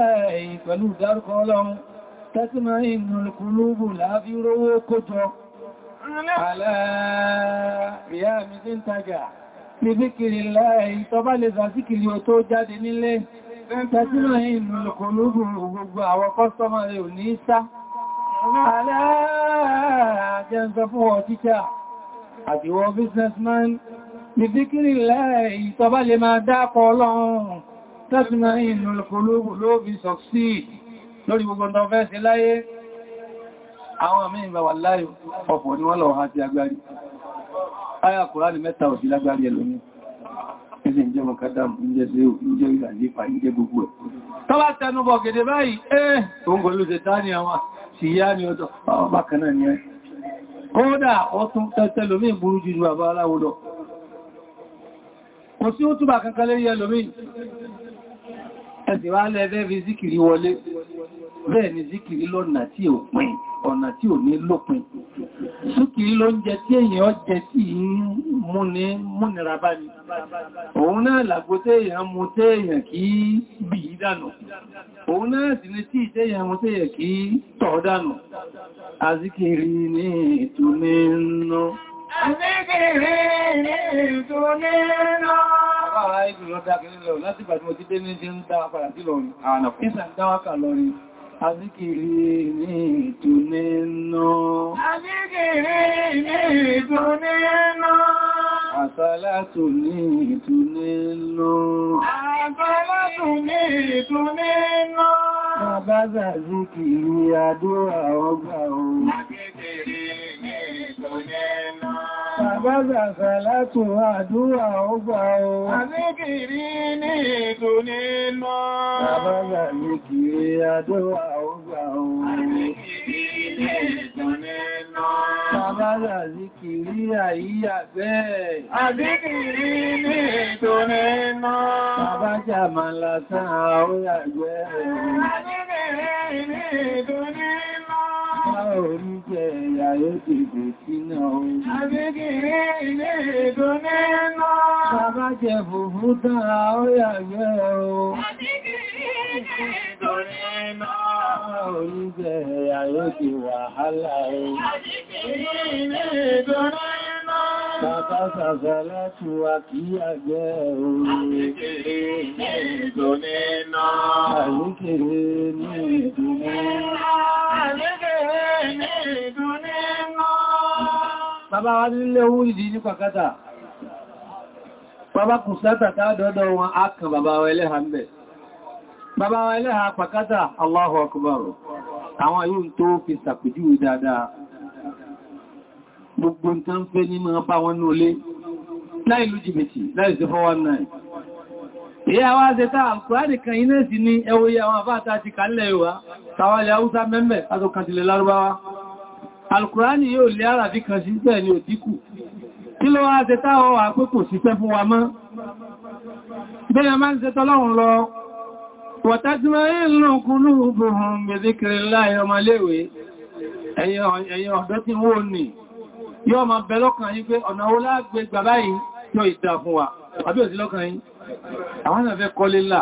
rówó kójọ Àlàá ìyá mi ti ń tajà lè zíkiri láàrin tọba lè zàzíkiri o tó jáde nílé tẹ́sílọ̀ ìlú lòkòlógún gbogbo àwọn kọ́sọ́mà rẹ̀ ò ní sá aláàjẹ́ǹsọ fún ọ̀ títà àti wọ businessman lè zíkiri láàrin tọba lè máa dákọ̀ ọlọ́run tẹ́sílọ̀ ìlú lòkòlógún ló fi succeed lórí gbogbo ọ̀fẹ́ sí láyé àwọn àmì ìgbà wà láyé ọ̀pọ̀ ni wọ́n lọ ha ti agbárí Aya Kùránì mẹ́ta ò sí lágbárí ẹlòmí. Ẹsẹ̀ ìjẹ́ mọ̀kádàmù, ìjẹ́ sí ìjẹ́ ìlàjífà, ìjẹ́ gbogbo ẹ̀. Tọ́ bá tẹnubọ̀ gẹ̀dẹ̀ báyìí, eh, tó ń gọlú ṣe tá ní àwọn ṣìyá ni ọjọ́, àwọn bákanáà ni ẹ. Kódà, ọtún tẹ́tẹ́lòmí burú jù jù àbá aláwọ̀ lọ. Kò sí ó túbà kankan lérí ẹlòmí. Ẹ̀sì wá lẹ́ẹ̀ẹ́ bẹ́ẹ̀ ni zikiri lọ́nà tí ò pin ọ̀nà tí ò ní lópin zikiri ló ń jẹ tí èyàn jẹ sí múni múnira bá ní òun náà làgbó tí èyàn mú tí èyàn kí bì í dànù òun náà sì ní tí tí èyàn mú tí èyàn kí tọ̀ dànù azikiri ní ètò nínú azikiri ní ètò nínú Àwọn ará ìgbìlọ́dá kìí lọ láti bàtí mo ti dé ní ṣe ń dá padà sí lọ rí. Àwọn àpò. Ìsàn dáwákà lọ rí. Àbíkìrí ní ìdúnlé náà. Àbíkìrí ní ìdúnlé náà. Àsálátù ní ìdúnlé náà. Àsálátù ní ìdúnlé náà. Àbázà zíkìrí àdúrà ọgbà ohun. bàbàzà látùn àdúrà ó gbà ó. Àníkìrí ní ètò nínú. Bàbàzà ní kìí àdúrà ó gbà ó. Àníkìrí ní ètò nínú. Bàbàzà ní kìí àyíyà bẹ́ẹ̀. Àníkìrí ní ètò nínú. Bàbàzà orí jẹ́ ẹ̀yà yóò ti gbè sínú ohun. Àbíkì rí ilé èdò nínú. Bàbá jẹ fùfú dára ó yàgbẹ́ o. Àbíkì rí ilé èdò nínú. Orí jẹ́ ẹ̀yà yóò ti wàhálà o. Àbíkì rí ilé èdò nínú. Bàbá sàfà láti wà kí àgbẹ́ òun. Àríkèrè ní ìdùnní náà. Àríkèrè ní náà. náà. Bàbá wa nílé owó ìdí ní pàkátà. Bàbá kù sátà táàdọ́dọ̀ wọn á kàn bàbá wa ẹlẹ́ha ń bẹ̀. Bàbá wa ẹlẹ́ha pàkátà, Allahu gbogbo nǹkan ń fẹ́ ní máa bá wọn ní olé láì lú jìbìtì láì sí 419 èyí àwọn àṣẹta àkùrádì kan iná sí ní ẹwòye àwọn àbáta ti kálẹ̀ ìwá tàwàlẹ̀ haúsá mẹ́mẹ́ àtọkàntìlẹ̀ lárúbáwá alkùránì yóò lé àràbí kan sí bẹ́ẹ̀ ni òdíkù kí ló wá àṣẹta ọwọ́ àpépò sí fẹ́ fún wa ẹ̀yìn ọ̀dọ́ tí wọ́n ní yóò máa bẹ lọ́kàn yín pé ọ̀nà wo lágbé gbàbá yìí yóò ìdá fún wa àbí òsí lọ́kàn yín àwọn náà fẹ́ kọ́lé ńlá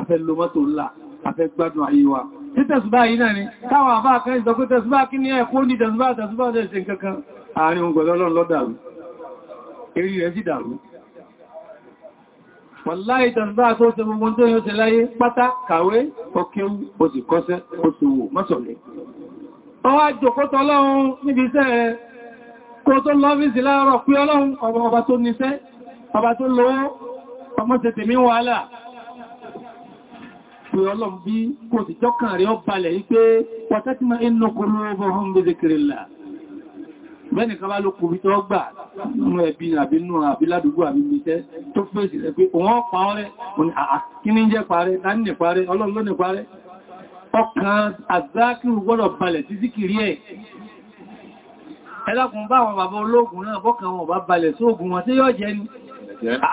afẹ́ lo mọ́tò ńlá afẹ́ gbádùn ayé wa tí yìí náà ni káwọn àbá kan ìsọ pé tẹ̀sùbá kí ní ẹ̀kọ́ ní tẹ̀sùbá tẹ̀sùbá ọdẹ ṣe kankan àárín ohun gbọ̀dọ̀ lọ́n lọ́dàrú eré rẹ̀ sì dàrú wàláì tẹ̀sùbá tó ṣe gbogbo tó yóò ṣe lọ́run níbi iṣẹ́ kó tó lọ́fíìsì láàárọ̀ pé ọlọ́run ọba tó níṣẹ́ ọba tó lówó ọmọ tètè mi wàhálà pé ọlọ́run bí kò sì jọ́kàn rẹ̀ ọ balẹ̀ wípé pọ̀tẹ́tìmọ̀ inú kúrú ọgbọ̀n hàn bí zikirila bẹ́ẹ̀ni kan bá ló kò rí tọ́ gbà nínú ẹbí àbínú ẹlọ́kùn bá àwọn bàbá ológun náà bọ́kàn wọn bá balẹ̀ sí ogun wọn tí yóò jẹ́ ní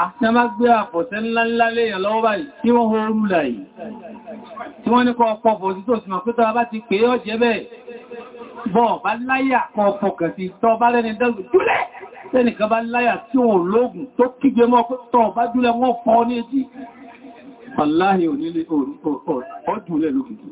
àti má gbé àpọ̀tẹ́ ńláńlá léèyàn lọ́wọ́ báyìí tí wọ́n hó rú láyìí tí wọ́n ní kọ́ pọ̀pọ̀ sí tó símọ̀ pé tọ́ra bá ti pè yóò jẹ́ bẹ́ẹ̀ bọ́ bá láyà kọ́ pọ̀kàn sí tọ́ bá lẹ́ni dẹ́gùn júlẹ̀ tẹ́nìkan bá láyà tí wọ́n lóògùn tó kígbe mọ́ pé tọ́ bá júlẹ̀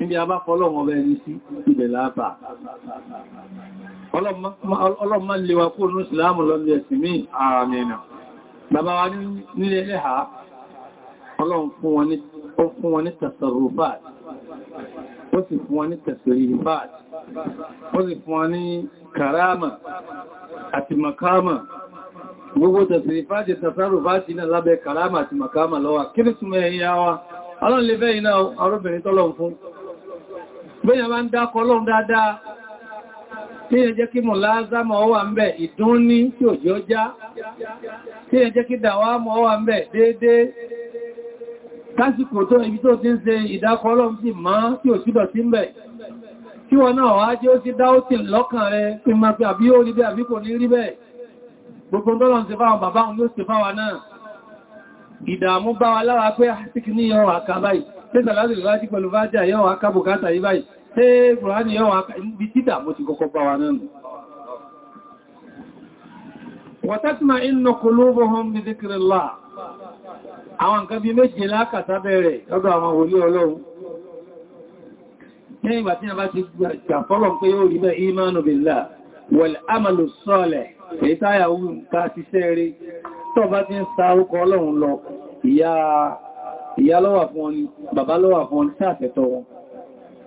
níbi a bá fọ́lọ́wọ́ bẹ́ẹ̀ ní sí ibẹ̀ láàbà ọlọ́mọ lè wà kó ní ìsìláàmù lọ́nà ẹ̀sìn mí àmìnà bàbá wa nílé ẹlẹ́ha ọlọ́run fún wọn ní tasarufat ó sì fún wọn ní tasirifat ó sì fún wọn ní karama àti makama gbogbo tasirifat tasarufat iná lábẹ́ karama àti makama lọ́wà bẹ́yà bá ń dákọ lọ́n dáadáa tí ẹ jẹ́ kí mọ̀ láàzámọ̀ ọwà ń bẹ̀ ìdún ní tí ò jọ já tí ẹ jẹ́ kí dàwámọ̀ ọwà ń bẹ̀ déédéé tásìkò tó ibi tó ti ń ṣe ìdákọ lọ́n sí máa tí ò sídọ̀ sí ń bẹ̀ kí wọn náà wá jẹ́ ó sí dáótì lọ́kàn rẹ pé máa pé àbí ó rí bẹ́ àbí kò ní rí bẹ́ gbogbo tọ́lọ̀ sí fáwọn bàbá òun ló sì fáwọn náà ìdààmú bá wa lára pé àtíkì ní yọ́ àkà báyìí tẹ́sàlásì lọ́wọ́ pẹ̀lú bá jà yọ́ àkà bùkátà yí báyìí ṣe Kùránì yọ́ wà ibi títà mo ti kọ́kọ́ bá wa náà wàtàtìmà inú kòlóbòhun bí zikirìlá àwọn nǹkan bí méje lákàtà bẹ̀rẹ̀ lọ́dọ̀ àwọn wòlí ọlọ́run ní ìgbà tí a ti gbàfọ́lọ̀ pé ya wal amalu ti sa ìyá lọ́wà fún ọ ni bàbá lọ́wà fún ọ sáàfẹ́tọ̀ wọn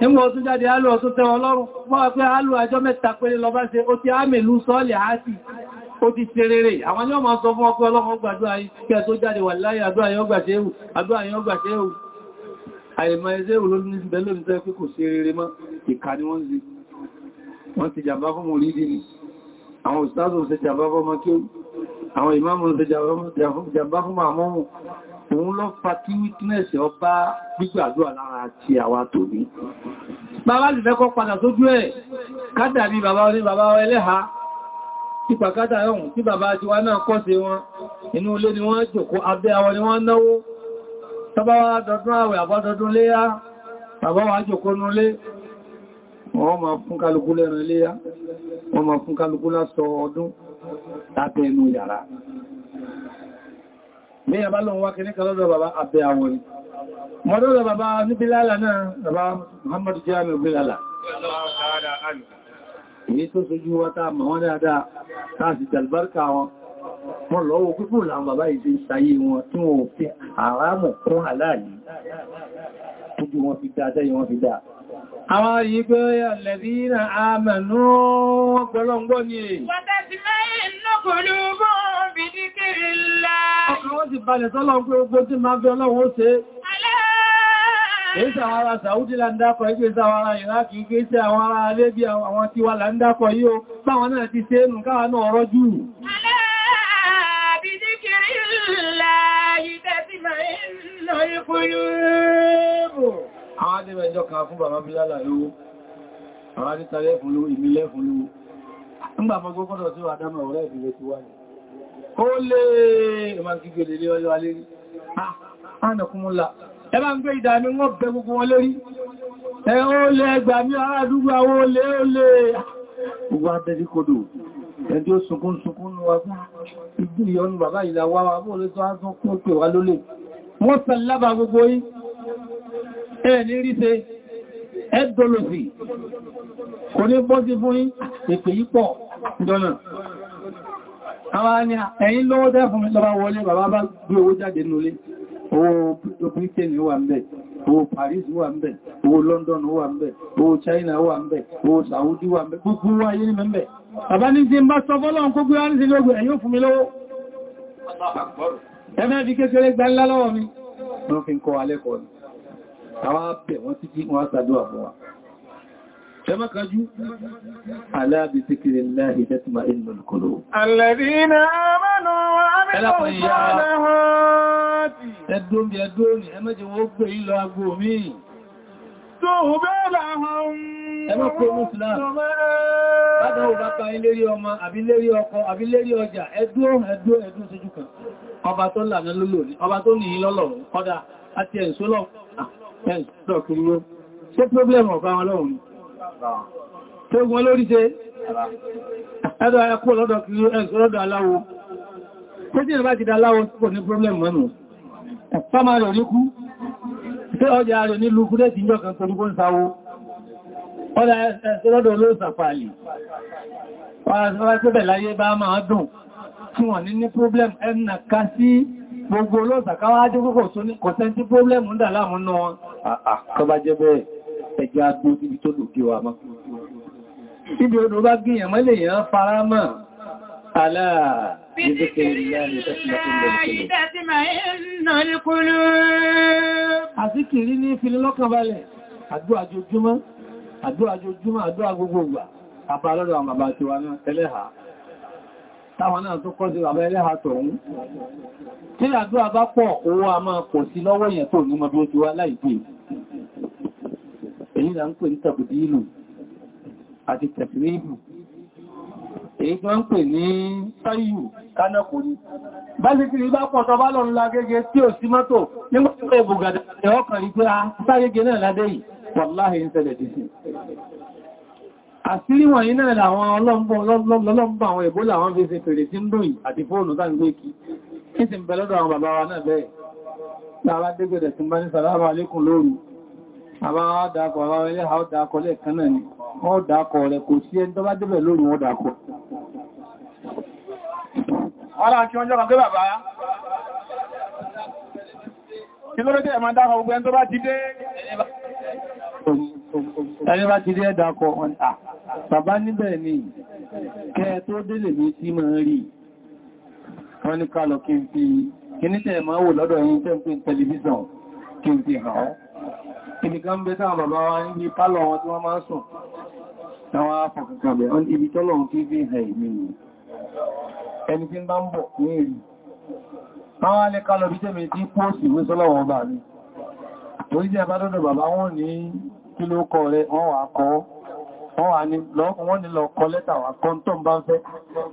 nígbà ọdún jáde alú ọdún tẹ́ ọlọ́run wọ́n pẹ́ alú àjọ mẹ́ta péré lọ bá ṣe ó ti ámèlú sọ́ọ̀lì àti ó ti ṣe rere àwọn ni wọ́n máa sọ fún ọkọ̀ ọlọ́run gbàdúrà yìí kí ẹ tó jáde wà láyé àdúrà yọ́ gbà ṣe éhù àdúrà yọ́ òun lọ fa kí wítínẹ̀sì ọba gbígbàdúrà lára ti àwa tòní. Bàbá lè fẹ́kọ́ padà sójú ẹ̀, kádà ní bàbá orí bàbá ẹlẹ́ha, tí pàkádà ẹ̀hùn tí bàbá ti wá náà kọ́sẹ̀ wọn, inú ilé ni wọ́n jòkó abẹ́ àwọn ni wọ́n náwó, tọ́bá wá dọdún àwẹ̀ àbádọdún léyá, bàbá wá jòkó nulé, wọ́n máa fún kálukú lẹ́ran léyá, wọ́n máa fún kálukú lásọ ọdún lábẹ́ inú yàrá ní ẹbá lọ wá kìníkà lọ́dọ̀ bàbá abẹ́ àwọn ni mọ́dọ́dọ̀ bàbá ní Bílálà náà bàbá Muhammadu Jami Bílálà èyí tó sojú wá tá ma wọ́n dáadáa láti dalbarka wọn wọ́n lọ́wọ́ pípò láwọn bàbá ìdí sayé wọn tí wọ́n fi àrámù kún àláàlì tójú wọn fi dáadáa yìí wọ́n fi dáa Àwọn àrígbé àlẹ́bí na àmànú ọgbọ̀lọ́gbọ́ ni èyí. Wàtà ti mẹ́rin lọ́kùnrin ọgbọ́ bí ní kiri ńlá. Ọkùnrin wọ́n ti balẹ̀ sọ́lọ́ pé ogun tí máa fi ọlọ́run ó ṣe. Èyí sàwárá Sàúdí là o, báwọn náà ti ṣe é nù débẹ̀ ìjọ kan fún bàbá Bílálà lówó àwọn adítàrẹ́ fún lówó ìmílẹ̀ fún lówó nígbà fọ́gbọ́ fọ́dọ̀ tí wà dámà ọ̀rẹ́ ìbílẹ̀ ti wáyé ó e, lè ìmọ̀ kígbè lè ọlọ́ alérí ánàkúnmọ́lá ẹbá ń gbé ìdàmí wọ́n bẹ gbogbo wọn lérí ẹ ó lè ẹgbàmí ará àdúgbò àwọn olè ó lè gbogbo abẹ́rí kodò ẹ̀dí ó sunkún sunkún wa fún ìgbìyànjú bàbá ìlàwà wa bóòlé tó á tún pè wá lólè wọ́n sàlábà gbogbo yìí ẹni ríṣe ẹgbọ́lòsì kò ní bọ́ sí fún ìpè yípọ̀ jọna àwọn ni ẹ̀yìn lọ́wọ́ dá fún mi lọ́wọ́ wọlé bàbá bá gbé owó jáde nulé owó Britain wà ń bẹ̀ owó Paris wà ń bẹ̀ owó London wà ń bẹ̀ owó China wà ń bẹ̀ owó Saudi wà ń bẹ̀ gbogbo wà yé ní mẹ́mẹ́ bàbá ní sí ń bá sọ fọ́lọ́n kó gbé wá ní sí lóògùn ẹ̀yìn fún mi lọ́wọ́ ẹ̀mẹ́ fi kékeré gbá ńlá lọ́wọ́ mi wọ́n fi ń kọ́ alẹ́kọ̀ọ́ ni àwọn apẹ̀ wọn títí wọn sàdúwà fún wa ẹmọ́kanjú alábi síkiri láhì tẹ́tìmà inú olùkòlò alẹ́dínà amánà àmìkò ẹ̀dùn bí ẹ̀dùn ní ẹmẹ́jẹ wọ́n gbé ìlọ agbó mi tó hù bẹ́ẹ̀ láhùn ẹmọ́kọ́ muslim bádá ò bá báyí lérí ọmọ àbí lérí ọkọ àbí lérí ọjà ẹ̀dùn ẹ̀dùn ẹ̀dùn sójú kan ọba tó lànà lólò ní ọba tó nìyí lọ́lọ́run ọdá àti ẹ̀sọ́lọ́run ṣe pọ́blẹ̀mù ọ̀fà wọn lọ́wọ́ tó gún lórí ṣe ẹ̀dọ̀ ẹkùn lọ́dọ̀ kìí ẹ̀sọ́lọ́dọ̀ aláwo tó tí ìrìnbá ti dá aláwo tó ní pọ́blẹ̀mù mọ́nù ẹ̀fàmà rẹ̀ oníkú tó ọjà rẹ̀ nílùú kúrẹ́ ti jọ kan torí bó ń sáwó ọ̀dà ẹ̀sọ́lọ́dọ̀ olóòsàpàlì wọ́n gbogbo olóòsàkáwà ájú púpọ̀ kò tẹ́ tí pọ́blẹ́mù ń dà láàmú náà àkọ́bá ah, ah, jẹ́ bẹ́ẹ̀ ẹgbẹ́ agbó tí tó lò kí wa mọ́. Ibi odò bá gíyàn mọ́ lè yàn fara mọ́ aláà Àsíkìrí ní ìfilé lọ́kànbalẹ̀, àdúrà jojúmọ́, àdúrà jojúmọ́, àdúrà gbogbo ìgbà, àbá lọ́dọ̀ àwọn bàbá tiwa náà, ẹlẹ́hàá táwọn náà tó kọ́dé àbẹ́ ẹlẹ́ha tọ̀hún tí àdúrà bá pọ̀ owó a máa pọ̀ sí lọ́wọ́ yẹn tó ní mọ́bí ó ti wá láìpé èyí là ń pè ní tàbùdí ìlú àti tẹ̀síríbù èyí tó ń pè ní sáyù kánàkùnrin bá sí kiri bá pọ̀ tọba lọ ńlá gẹ́gẹ́ tí ò sí mọ́tò nígbàtí ẹ̀bùgàdà ẹ̀ọ́kàn ìgbé àṣírí wọ̀nyí náà làwọn ọlọ́gbọ́ àwọn ìbólà àwọn fi ṣe fèrè tí ń dùn àti fóònù tá ń gbé kí ní ti ń bẹ lọ́dọ̀ àwọn bàbá wa náà bẹ́ẹ̀ lára dégbẹ̀dẹ̀ tí ń bá ní sàlámà alékùn lóòrù àbá dákọ̀ àwọn ilé àwọn dákọ̀ lẹ́ẹ̀kan náà ni wọ́n dákọ̀ rẹ̀ kò sí ẹni tó bá débẹ̀ lóòrù wọ́n dákọ̀ Kí ló rẹ́ tẹ́ ẹ̀mà dákọ̀ gbogbo ẹni tó bá ti dé? Ẹni bá ti rí ẹ̀dà ọkọ̀ wọn, bàbá níbẹ̀ ni kẹ́ tó délè ní tí máa rí. Wọ́n ní ká lọ kí n fi, kí ní tẹ̀ máa wò lọ́dọ̀ yìí tẹ́ pín tẹlifíṣàn kí n fi hàn ọ́. Ibi kan bẹ́ táwọn bàbá wa ní pálọ̀ wọn tí wọ́n máa sùn. Àwọn afọ̀kàkàbẹ̀ ibi tọ́lọ̀un tí fi hàn ìmì ẹni tí ń bá ń bọ̀ ní èrì. Àwọn alẹ́kálọ̀ bí jẹ́ mi tí pọ́ọ̀sì kí ló kọ rẹ wọ́n wà kọ́ wọ́n wà ní lọ́kùn wọ́n ní lọ kọ lẹ́tà wà kọ́ tó ń bá ń fẹ́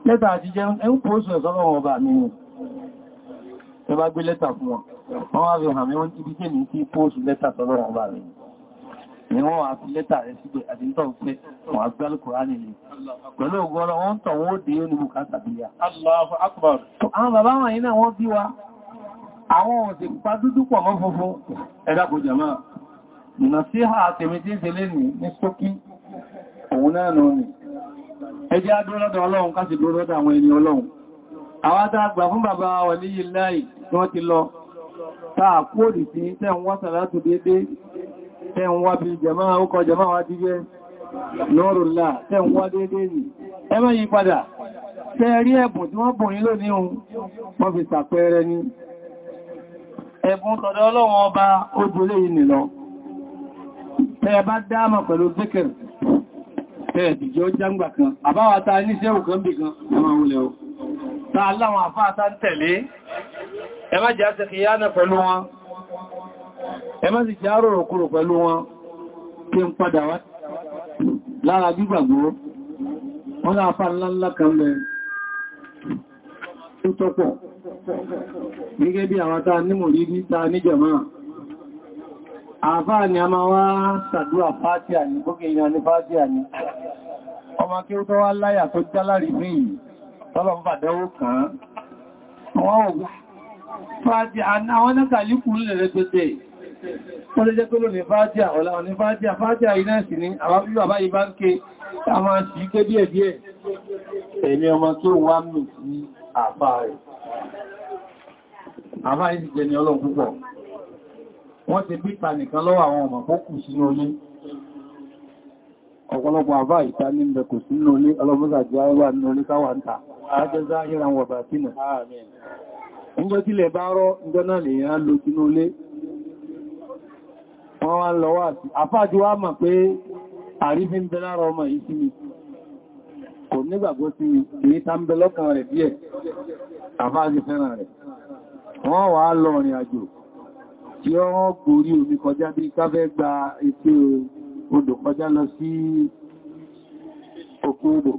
lẹ́tà àti jẹ́ ẹ̀hún pòósù ẹ̀ sọ́lọ́wọ́ ọba mi ni ẹ bá gbé lẹ́tà fún wọn wọ́n wá fi hàn mí wọ́n ibi tí ní tí pòósù lẹ́tà sọ́lọ́wọ́ ọba mi ni wọ́n wà fi lẹ́tà rẹ̀ sígbẹ̀ àti nítọ̀ pé wọ́n agbẹ́lù kùránì ni pẹ̀lú ògbọ́rọ̀ wọ́n tọ̀ wọ́n dé ní bukata bí ya. Allahu Akbar. àwọn bàbá wọn yìí náà wọ́n bí dúdú pọ̀ mọ́ funfun ẹ̀dàkùn jàmáà nàsíhà àtẹ̀mí tí ń ṣe lé ní ṣókí òun náà nù ní ẹjẹ́ adúrọ́dọ̀ ọlọ́run ká sì dúrọ́dọ̀ àwọn ẹni ọlọ́run àwọn àtàgbà fún bàbá Wàlíyìláì tí wọ́n ti lọ táà kóòdì sí tẹ́wọ́n wá sàlátù dédé tẹ́wọ́n wá bí jẹmá ọkọ̀ jẹmá wá dígbẹ́ lọ́rùnlá tẹ́wọ́n wá dédé nì ẹmọ́ yí padà tẹ́ rí ẹ̀bùn tí wọ́n bùn ní lónìí ohun wọ́n fi sàpẹẹrẹ ní ẹ̀bùn tọ̀dọ̀ ọlọ́run ọba ó jùlé yìí nìlọ tẹ́ bá dáàmà pẹ̀lú zikir tẹ́ ìdíjọ́ jàǹgbà kan àbáwà ta ní ṣẹ́wù kan bì kan ẹmà wulẹ̀ o ta aláwọn àfáà ta ń tẹ̀lé ẹmà jẹ́ àti kìyànà pẹ̀lú wọn ẹmà sì jẹ́ àrò òkúrò pẹ̀lú wọn kí ń padà wá lára gbígbàgbó wọ́n láàfáà ta ní àbá ni a máa wá ṣàdúrà fàájíà ní gbókè ìrìn àní fàájíà ní ọmọ kí ó tọ́ wá láyà tó jálárì fún yìí tọ́lọ̀ ń bàdẹ́wó kàn án wọ́n ò gbá fàájíà àwọn nákàlíkù lẹ́rẹ́ tó tẹ́ ó lè jẹ́ pé lónìí fàájíà ọ̀la òní fàájíà fàájíà iná sì ní àwọn bí bàbá yìí bá ń ké a máa sì ké díẹ̀ díẹ̀ ti jẹ́ ni ọlọ́run púpọ̀ wọ́n ti pípa nìkan lọ́wọ́ àwọn ọmọ pókù sínú olé ọ̀pọ̀lọpọ̀ àbá ìta ní ìbẹ̀ kò sínú olé ọlọ́mọ́sà jẹ́ àwọ́ nínú olé káwà ń ta ajẹ́zá ìran wọ̀bà sínú ǹjọ́ tílẹ̀ bá rọ́ ǹjọ́ náà lè yán lò sínú olé wọ́n wá lọ àjò yọ́ gòrí omi kọjá bí káfẹ́ gba ètò odò kọjá lọ sí òkú odò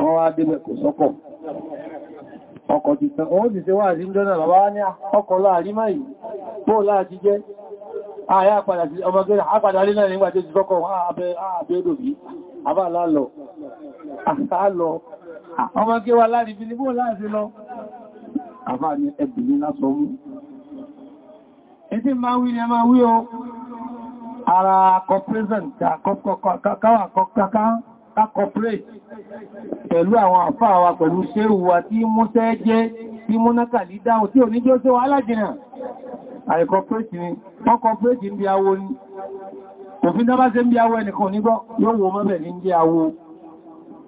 wọ́n wá débẹ̀ kò sọ́kọ̀ ọkọ̀ ti tán oó sì ṣe wá ìjọ́nà bàbá ní ọkọ̀ láàrí máì bó láti jẹ́ padà sí rí náà ó ti fọ́kọ̀ ọmọ àfá ní ẹgbìnrin lásọ mú ẹtí máa wí ní ẹmà wí o ara corporation corporate pẹ̀lú àwọn àfá wa pẹ̀lú ṣéhù wa tí múṣẹ́ jẹ́ tí múnákàlì dáhùn tí ò ní jẹ́ ni wọ́n corporate ń ni òfin dá bá ṣe ń bí awo ẹnìkan nígbọ́ yóò wo mọ́bẹ̀ ní ń jẹ́ awo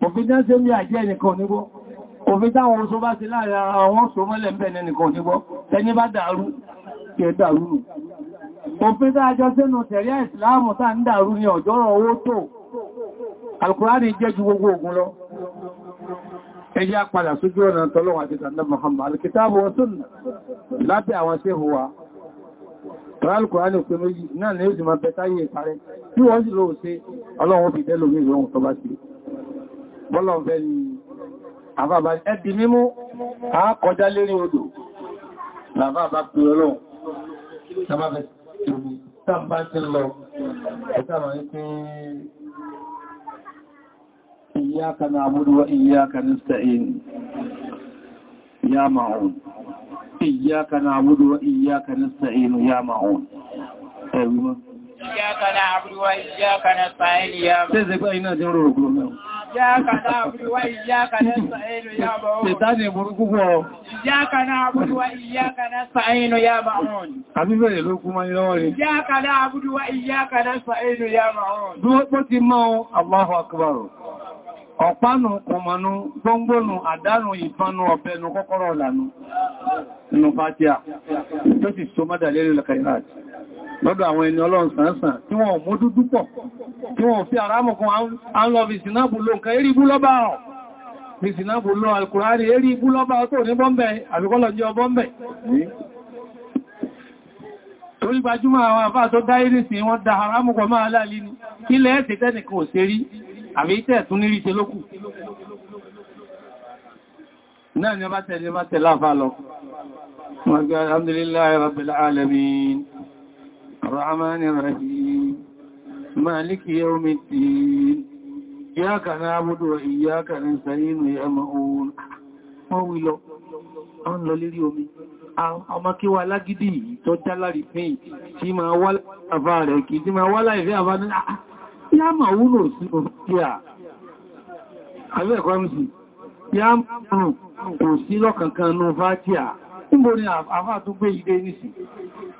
òfin dá ṣe ń bí àjẹ́ ẹnìkan nígbọ́ òfin táwọn oṣù bá ti láàrin ara wọn sọ mọ́lẹ̀ ń bẹ̀ẹ̀ nìkan òṣìgbọ́ tẹni bá dàrú kẹ dàrú nù òfin tá àjọ sínú tẹ̀ríà ìsìláàmù tá ń dàrú ní ọ̀jọ́rọ̀ owó tó alkùránì jẹ́ ju gbogbo ogun lọ ẹjá padà wa sunna lábẹ́ àwọn sí huwa alkùránì pé méjì náà ni ó sì máa bẹ̀táyé ìparẹ́ tí wọ́n sì lóòsẹ́ ọlọ́run fi bẹ́lòmí ìrọ̀hùn àbábá ẹbí mímú àákọjá lérí odò làbábá pè ọlọ́run tàbábẹ̀ tàbá ti lọ ẹ̀tàbà ní pé iyyaka na'budu wa iyyaka nasta'in ya ma'un iyyaka na'budu wa iyyaka nasta'in ya ma'un ẹ̀rùmọ́ iyyaka na'budu wa iyyaka nasta'in ya ma'un Ìjáka náà àbúrúwá ìyáka náà ya yá bá wọn. Ṣètánì burúkú bọ̀. Ìjáka náà àbúrúwá ìyáka náà sàínú yá bá wọn. Àbí bẹ̀rẹ̀ ló kú máa lọ́wọ́ rẹ̀. Ìjáka náà àbúrúwá ìyáka náà sàínú yá bá wọn. Dúró pọ́ ti máa Allahu Akbar. Ọ̀pánu, kùmọ̀nù, gbóngbónù, àdánù, ìfanu, ọ̀bẹnu, kọ́kọ́rọ̀ ọ̀lànù. Nù Fátíà, tó sì so mọ́dà lérí lọ́kàíráàtì lọ́dọ̀ àwọn ẹni ọlọ́run sàánsàn tí wọ́n mú dúdú pọ̀ tí wọ́n fi àrámọ̀kan àńlọ ìsìnábù ló nǹkan erí ibú lọ́bà ọ̀ ìsìnábù ló alkùránì erí ibú lọ́bà tó ní bọ́m̀bẹ̀ àbíkọ́lọ̀jọ́ bọ́m̀bẹ̀ torí gbajúmọ̀ àwọn àfá tó dáírí sí wọ́n da àrámọ̀kan máa láàlí ní ilẹ̀ ẹ̀sẹ̀ tẹ́nìkan ò sérí àbí tẹ́ tún nírí ṣe lókù náà ni a bá tẹ̀lé bá tẹ̀lá àfá lọ Alhamdulillahi Rabbil Alamin الرحمن الرحيم مالك يوم الدين إياك نعبد وإياك نستعين يا مؤون wọ́n wí lọ ọ́n lọ lérí omi ọmọ kí wà lágídí tó jálárí pín tí ma wá àfá rẹ̀ kí tí ma wá láìfẹ́ ah, ma sí òkè à àfẹ́ẹ̀kọ́mùsì yá mọ̀ kò sí ní fàtíà tó gbé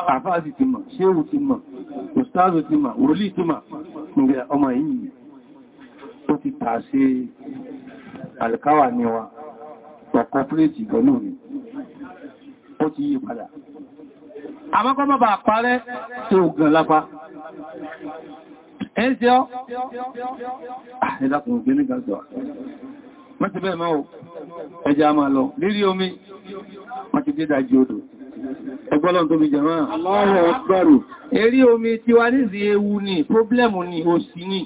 àfáàsì ti mọ̀ ṣéhù ti mọ̀ ustazu ti mọ̀ wòlí ti mọ̀ nígbà ọmọ yìí tó ti tàà sí alkawa ni wa ọkọ̀ pírètì gọ́nù ni ó ti yí padà àmọ́kọ́ mọ́ bà parẹ́ tí ó lápá ẹ́ ṣe ọ́ ẹ̀dàkùn ògbé ní máa lọ lérí omi mọ́ ti dédà odò Ọgbọ́lọ́n tó bí jàmá. Allahu Akbar. Èrí omi tí wá ní sí ewu ni, pọ́blẹ́mù ni, òsì ni.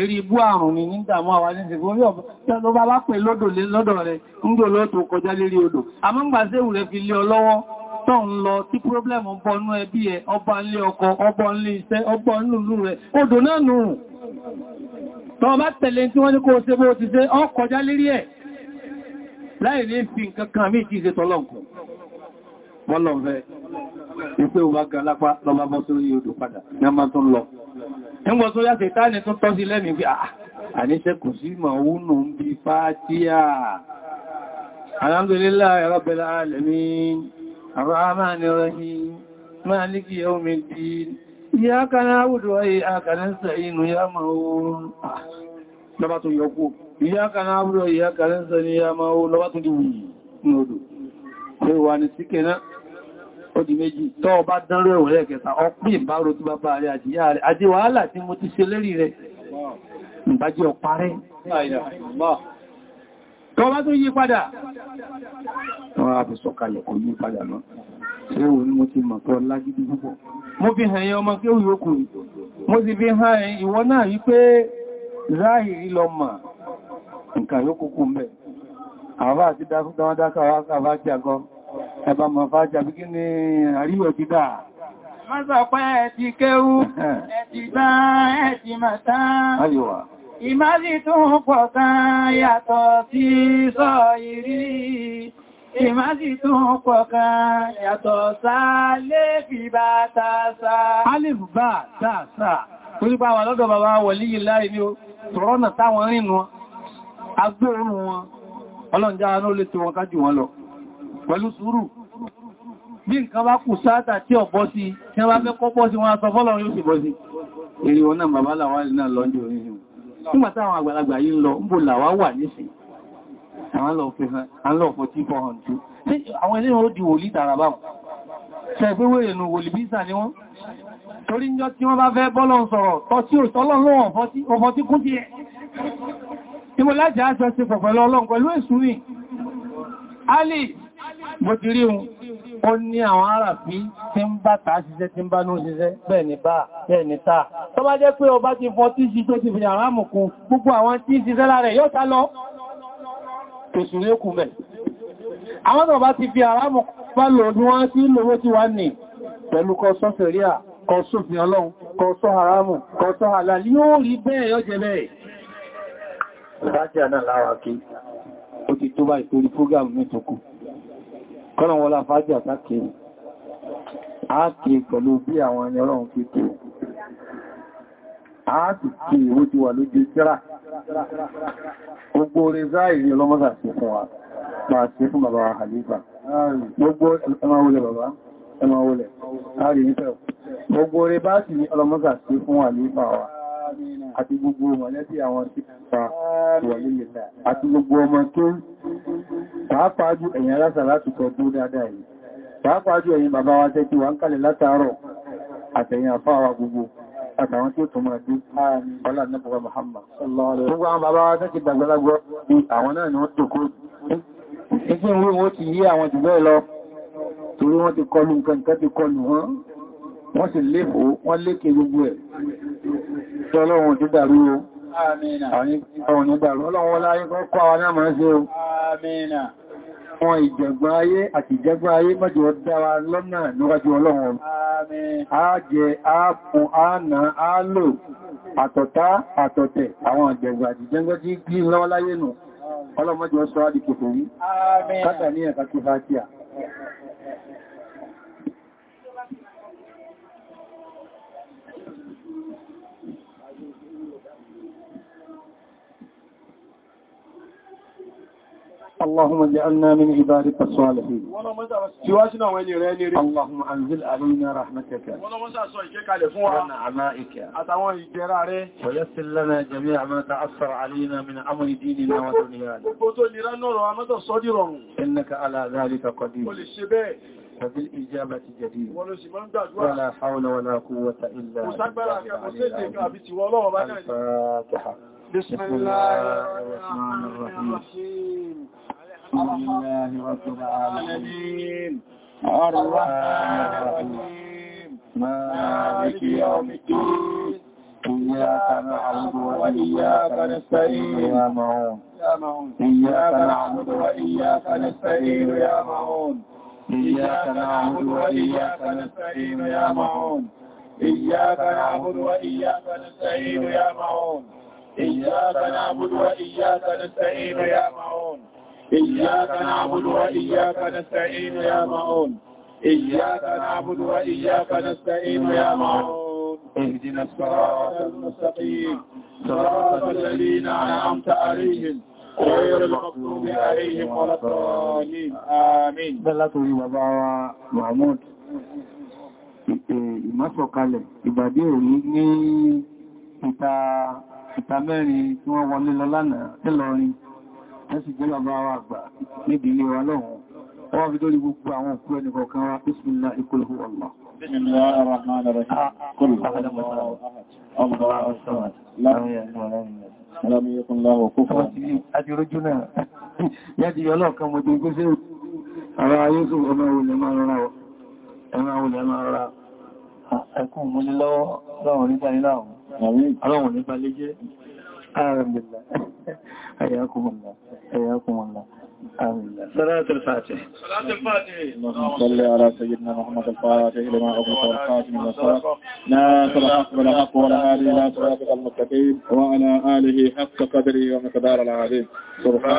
Èrí ibú àrùn ni nígbàmọ́ àwà ní ìsìnkú orí ọ̀pọ̀ tó bá bá pè lódò lọ́dọ̀ rẹ̀ ń gbò lọ́tò kọjá lérí odò. A mọ́ ń gbà sí èwù rẹ̀ fi lé ọ lọ́wọ́ tó ń lọ tí pọ́blẹ́mù bọnú ẹbí ẹ, ọba nlé ọkọ, ọba nlé iṣẹ́, ọba nlúlú rẹ̀. Odò náà nù. Tọ́ bá tẹ̀lé tí wọ́n ní kó ṣe bó ti ṣe, ọ kọjá nǹkan kan mí ti ṣe bọ́lọ̀fẹ́ ìpé òwà ga lápá lọba bọ́ sórí odò padà ní a máa tún lọ. ẹgbọ́ tó yá sẹ̀tánì tún tọ́ sí lẹ́mìí pé ah, àníṣẹ́ kò sí ma owó nù ń bí fàájíà alhamdulillah rabbil alamin arrahmanir rahim maliki yawmiddin iyyaka na'budu wa iyyaka nasta'in ya mawun ah, lọ́bá tó yọkú iyyaka na'budu wa iyyaka nasta'in ya mawun lọ́bá tó dìwì ní odò Ewa ni síkẹ̀ náà ó di méjì tọ́ ọba dánrọ ẹ̀wọ̀n lẹ́ẹ̀kẹta ọpí ìbárò tí bàbá rẹ̀ àjíyà rẹ̀ àti wàhálà tí mo ti ṣe lérí rẹ̀ ìbájí ọpa rẹ̀ tọ́ọ̀bá tó yí padà wọ́n á fi sọ̀kalẹ̀ kò yí padà náà ṣe wo ni mo ti mọ̀ tọ́ lágídí púpọ̀ mo fi hàn ọmọ kí ó yókù mo sì fi hàn ìwọ náà yí pé záàrí lọ mà nǹkan yókù kú mẹ́ àwọn àti dákúndáwádákà wákà ẹ̀bá mọ̀ fàájà bí kí ni àríwẹ̀ ti dáa mọ́sọ̀pẹ́ ẹ̀tì kéwú ẹ̀tì bá ẹ̀tì màtá ìmájì tún pọ̀ kan yàtọ̀ sí sọ ìrí ìmájì tún pọ̀ kan yàtọ̀ sáà lé fi bá tàṣà alif bá tàṣà torípa wà lọ́dọ̀ bàbá wọ̀lí láì ní tọ̀rọ̀nà táwọn pẹ̀lú sùúrù bí nǹkan bá kù sáátà tí ọ̀pọ̀ sí tí wọ́n bá fẹ́ kọ́pọ̀ sí wọ́n sọ fọ́lọ̀run yóò sì bọ́ sí èrè wọn náà bàbá làwá rí náà lọ́njọ́ oríhìn nígbàtá àwọn àgbàlagbà yìí ń lọ ń bò làwá wà nísìn àwọn lọ́ọ̀fọ́ tí fọ́hàn tú àwọn ilé wọn ó di wòlí tààrà báwọn ṣẹ̀gbéwèrè nù wòlí bísà ni wọ́n torí ń jọ tí wọ́n bá fẹ́ bọ́lọ̀ sọ̀rọ̀ tọ́ tí ò tọ́lọ́ lọ́wọ́n ọ̀fọ́ tí kún tí ẹ̀ tí mo láti àjọ sí pẹ̀lú pẹ̀lú èsùn ní alì mo ti rí un ó ní àwọn ará fi tí ń bá tàá ṣiṣẹ́ tí ń bá ní òṣìṣẹ́ bẹ́ẹ̀ ni bá bẹ́ẹ̀ ni táà tó bá jẹ́ pé ọba ti fọ́ tíṣì tó ti fi àrámù kún gbogbo àwọn tí ṣiṣẹ́ lára yóò sá lọ tòṣùrékù mẹ́ àwọn tó bá ti fi àrámù bá lò ní wọ́n tí lówó ti wá nì pẹ̀lú kọ sọ́fẹ̀ríà kọ sófin ọlọ́run kọ sọ àrámù kọ sọ àlàlí yóò rí bẹ́ẹ̀ yóò jẹ bẹ́ẹ̀ Ìbájá náà láwá kí, ó ti tó bá ìtorí fúgàmù ní tókù kọ́nà wọ́n láfájì àtàkì áàkì pẹ̀lú bí àwọn ẹni ọlọ́run fi tó áàkì kí ìwó ti wà lójú tíra gbogbo orin záìrí ọlọ́mọ́sà sí fún wa máa sí fún bàbá wa Halifa gbogbo ẹmàwọlẹ̀ bàbá ẹmàwọlẹ̀ gbogbo orin bá sì ọlọ́mọ́sà sí fún Halifa wa àti gbogbo mọ̀lẹ́bí àwọn tí ta wọlé lẹ́ta àti gbogbo ọmọ tó pàápàá jù ẹ̀yin aláṣà láti kọ tó dáadáa yìí pàápàá jù ẹ̀yin bàbá wa tẹ́ tí wà ń kalẹ̀ látàárọ̀ àtẹ̀yìn àfáwà gbogbo àtàwọn tí ó tó máa dé ọlá Muhammad gbogbo àwọn bàbá wa tẹ́ ti dàgbàlagbọ́ bí àwọn náà ni wọ́n tó kó ìgbìmọ̀ wọ́n ti yí àwọn jù bẹ́ẹ̀ lọ wọ́n sì léfò wọ́n lékè gbogbo ẹ̀ tó ọlọ́run ti dàrú o àwọn ìdàrú ọlọ́run wọ́n láyé kọ́ kọ́ àwọn àmà ṣe o wọn ìjẹ̀gbọ́n ayé àti ìjẹ̀gbọ́n ayé mọ́jọ dára lọ́nà níwájú ọlọ́run a jẹ ààpùn àánà àálò àtọ̀tá àtọ̀tẹ̀ àwọn ìjẹ̀gbọ́n àti ìjẹ̀gbọ́n tí kí lọ́wọ́ láyé nù ọlọ́mọjọ sọ́rọ̀ اللهم اجعلنا من عبادك الصالحين اللهم انزل علينا رحمتك ونعمائك ويسر لنا جميع ما تأثر علينا من امر ديننا ودنيانا إنك على ذلك قدير فبالإجابة جديد ولا حول ولا قوة إلا بالله الفاتحة بسم الله الرحمن الرحيم الحمد لله الرحمن الرحيم مالك يوم الدين إياك نعبد وإياك نستعين يا معون إياك نعبد وإياك نستعين يا معون إياك نعبد وإياك نستعين يا معون إياك نعبد وإياك نستعين يا معون إياك نعبد وإياك نستعين يا معون إياك نعبد وإياك نستعين يا معون إياك نعبد وإياك نستعين يا معون اهدنا الصراط المستقيم صراط الذين أنعمت عليهم غير المغضوب عليهم ولا الضالين آمين بلغوا بابا محمود ìmọ́sọ̀kalẹ̀ ìbàdí òní ní ìta ìta mẹ́rin tí wọ́n wọlé lọ lánàá tẹ́lọrin wọ́n sì jẹ́ bàbá wa àgbà níbi ilé wa lọ́hùn wọ́n fi tó ní gbogbo àwọn òkú ẹni kọ̀ọ̀kan wa bísmìlá ìkòlùkù ọ̀lọ́ Ẹkùn mú ní lọ́wọ́ lọ́wọ́ nígbà níláwọ̀. Ọlọ́run nípa lé jẹ́. Alhamdulillah. Hayyakumullah. Hayyakumullah. صلاة الفاتح صلاة الفاتح اللهم صل على سيدنا محمد الفاتح لما أغلق والخاتم والصلاة ناصر الحق بالحق والهادي إلى صراطك المستقيم وعلى آله حق قدره ومقدار العظيم سبحانه